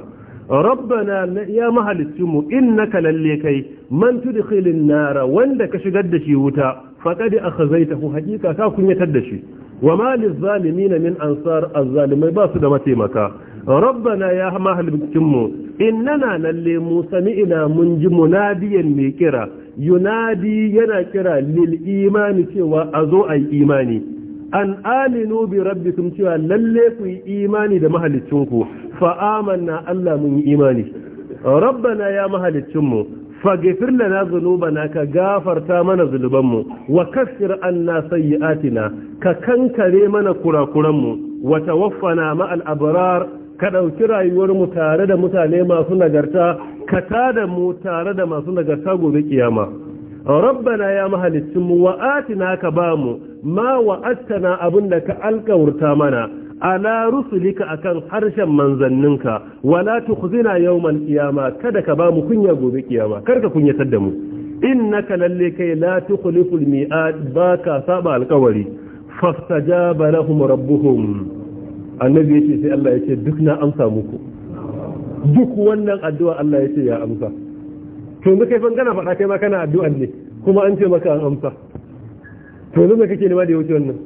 rabbana ya mahalicinmu innaka lalle kai man tudkhilin nara wanda ka shigar da shi wuta faqad akhzaytahu hakika ka kunyatar da shi وما للظالمين من ba su da mataimaka. ربنا يا مهل بكتمو innana lalle mu sami'ina mun ji munadiyan mai kira yunadi yana kira lil imani cewa a zo a yi imani an aminu bi rabbikum cewa lalle ku yi imani da mahalicinku fa amanna Allah mun yi imani rabbana ya mu faghfir lana dhunubana ka gafarta mana mu, wa kaffir anna sayyi'atina ka kankare mana kurakuranmu wa tawaffana ma al abrar ka ɗauki rayuwar mu tare da mutane masu nagarta ka tada mu tare da masu nagarta gobe kiyama rabbana ya mahalicin mu wa atina ka ba mu ma wa attana da ka alƙawurta mana ala rusulika kan harshen manzanninka wala tukhzina yawmal qiyama kada ka ba mu kunya gobe kiyama karka kunya kunyatar da mu innaka lalle kai la tukhliful mi'ad ba ka saba alƙawari fastajaba lahum rabbuhum annabi yace sai Allah ce duk na amsa muku duk wannan addu'a Allah ce ya amsa to yanzu kai kana faɗa kai ma kana addu'an ne kuma an ce maka an amsa to yanzu me kake nema da yace wannan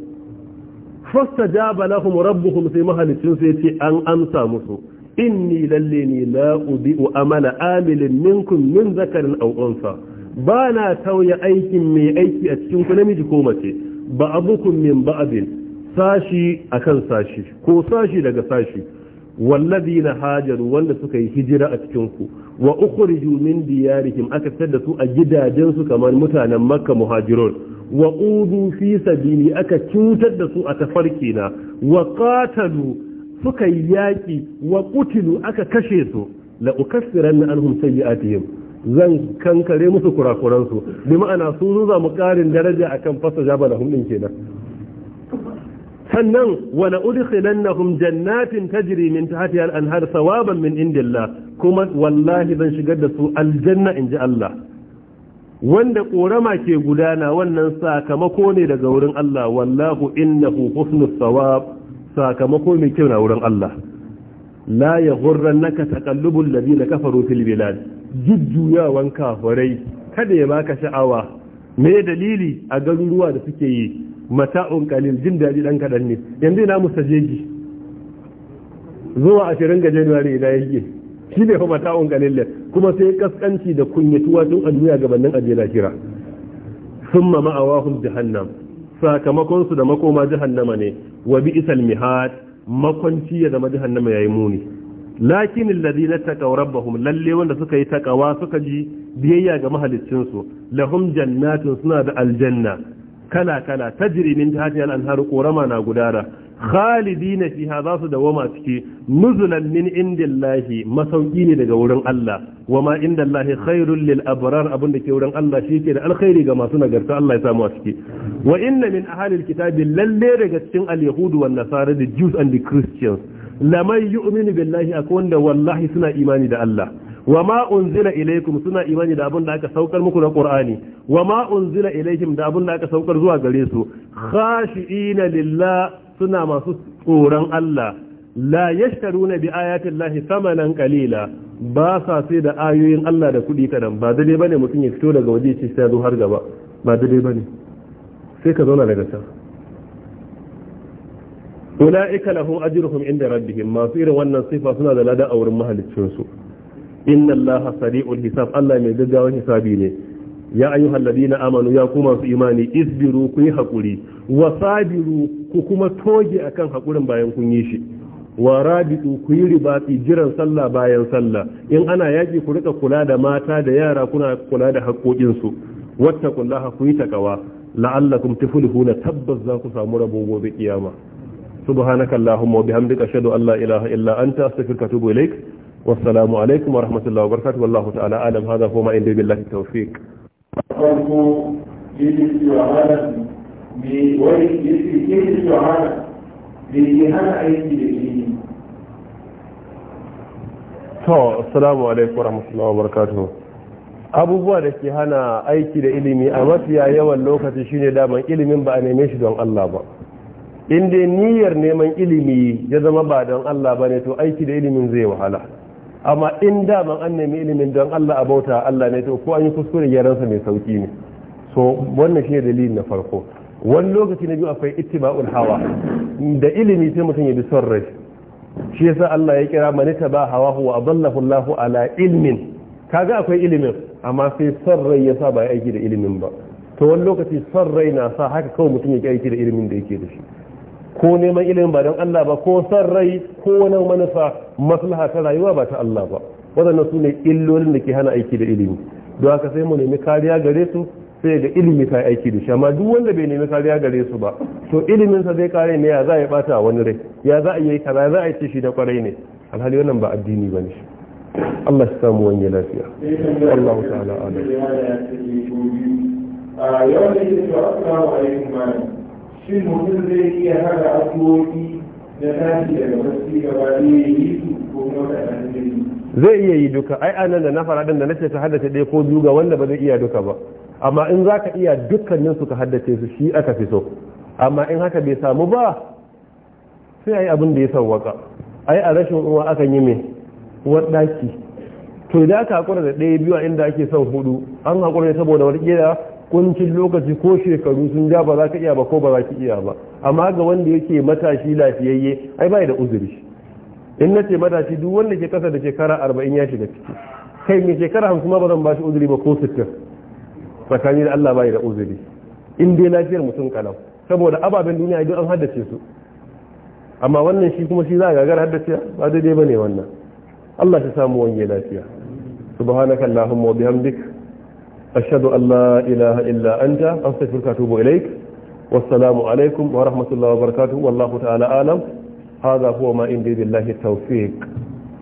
fastajaba lahum rabbuhum sai mahalicin sai an amsa musu inni lalle ni la ubi'u amala amilin minkum min zakarin aw unsa ba na tauya aikin mai aiki a cikin ku namiji ko mace ba abukum min ba'din sashi akan sashi ko sashi daga sashi wallazi na hajaru wanda suka yi hijira a cikinku wa ukhriju min diyarihim aka fitar da su a gidajensu kamar mutanen makka muhajirun wa udu fi sabili aka cutar da su a tafarki na wa qatalu suka yi yaki wa qutilu aka kashe su la ukaffiranna anhum sayyi'atihim zan kankare musu kurakuransu bi ma'ana su zuza mu karin daraja akan fasa jabalahum din kenan sannan wa na'udkhilannahum jannatin tajri min ta al-anhar thawaban min indillah kuma wallahi zan shigar da su aljanna ji Allah wanda ƙorama ke gudana wannan sakamako ne daga wurin Allah wallahu innahu husnul thawab sakamako mai kyau na wurin Allah la ka taqallubul ladina kafaru fil bilad jujjuyawan kafirai kada ya baka sha'awa me dalili a garuruwa da suke yi mata'un kalil jin daɗi dan kaɗan ne yanzu ina musa jeji zuwa ashirin ga januwari ina yake shi ne fa mata'un kalil ne kuma sai kaskanci da kunyatuwa tun a duniya gabanin aje lahira summa ma'awahum jahannam sakamakon su da makoma jahannama ne wa bi isal mihad makwanci ya zama jahannama yayi muni lakin alladhi taqaw rabbahum lalle wanda suka yi takawa suka ji biyayya ga mahaliccin su lahum jannatun suna da aljanna kala kala tajri min tahtiha al-anharu qurama na gudana khalidina fiha za su dawama ciki nuzulan min indillahi masauki ne daga wurin Allah Wa inda indallahi khairul lil abrar abinda ke wurin Allah shi ke da alkhairi ga masu nagarta Allah ya samu a ciki wa inna min ahalil kitabi lalle daga cikin al-yahud wan nasara the Jews and the Christians lamai yu'minu billahi akwai wanda wallahi suna imani da Allah wa ma unzila ilaikum suna imani da abin da aka saukar muku na qur'ani wa ma unzila ilaihim da abin da aka saukar zuwa gare su khashiina lillah suna masu tsoron Allah la yashtaruna bi ayati llahi thamanan qalila ba sa sai da ayoyin Allah da kuɗi kadan ba dade bane mutum ya fito daga waje ce sai zo har gaba ba dade bane sai ka zauna daga can ulaika lahum ajruhum inda rabbihim masu irin wannan sifa suna da lada a wurin mahaliccinsu su inna allaha sari'ul hisab Allah mai gaggawan hisabi ne ya ayyuhal na amanu ya kuma su imani isbiru kuyi yi hakuri wa sabiru ku kuma toge akan hakurin bayan kun yi shi wa rabitu kuyi yi ribati jiran sallah bayan sallah in ana yaki ku rika kula da mata da yara kuna kula da haƙoƙin su wattaqullaha ku yi takawa la'allakum tuflihuna tabbas za ku samu rabo gobe kiyama subhanakallahumma wa bihamdika ashhadu an la ilaha illa an astaghfiruka wa atubu ilaik والسلام alaikum wa الله wa والله تعالى ta'ala هذا هو ما عندي بالله التوفيق tawfiq farko me da ke hana aiki da alaikum wa rahmatullahi wa abubuwa da ke hana aiki da ilimi a mafiya yawan lokaci shine daman ilimin ba a neme shi don Allah ba inda niyyar neman ilimi ya zama ba don Allah ba ne to aiki da ilimin zai wahala amma in daman an nemi ilimin don Allah a bauta Allah ne to ko an yi kuskure gyaransa mai sauki ne so wannan shi ne dalilin na farko wani lokaci na biyu akwai ittiba'ul hawa da ilimi sai mutum ya bi son rai shi yasa Allah ya kira ta ba hawa huwa adallahu Allahu ala ilmin kaga akwai ilimin amma sai son rai yasa ba ya aiki da ilimin ba to wani lokaci son rai na sa haka kawai mutum ya aiki da ilimin da yake da shi ko neman ilimin ba don Allah ba ko san rai ko wani manufa maslaha ta rayuwa ba ta Allah ba waɗannan su ne illolin da ke hana aiki da ilimi don haka sai mu nemi kariya gare su sai ga ilimi ta aiki da shi amma duk wanda bai nemi kariya gare su ba to ilimin sa zai kare ne ya za ya bata wani rai ya za a yi kaza za a yi shi da kwarai ne alhali wannan ba addini ba ne Allah ya samu wani lafiya Allah ta'ala a yawan da ke tsawon alaikum malam shin mutum zai iya haɗa da tashi daga gaba ya yi su ko kuma da zai iya yi duka ai a nan da na fara da nace ta haddace ɗaya ko biyu ga wanda ba zai iya duka ba amma in za ka iya dukkanin su ka haddace su shi aka fi so amma in haka bai samu ba sai a yi abin da ya sauwaka ai a rashin uwa akan yi mai waɗaki to idan aka haƙura da ɗaya biyu a inda ake son hudu an haƙura ne saboda wani ƙera kuncin lokaci ko shekaru sun ja ba za ka iya ba ko ba za ki iya ba amma ga wanda yake matashi lafiyayye ai bai da uzuri in na ce matashi duk wanda ke kasa da shekara arba'in ya shiga ciki kai mai shekara hamsin ma ba zan ba shi uzuri ba ko sittin tsakani da Allah bai da uzuri in dai lafiyar mutum kalam saboda ababen duniya duk an haddace su amma wannan shi kuma shi za a gagara haddace ba daidai ba ne wannan Allah ta samu wange lafiya subhanakallahumma wa bihamdika أشهد أن لا إله إلا أنت أستغفرك وأتوب إليك والسلام عليكم ورحمة الله وبركاته والله تعالى أعلم هذا هو ما عندي بالله التوفيق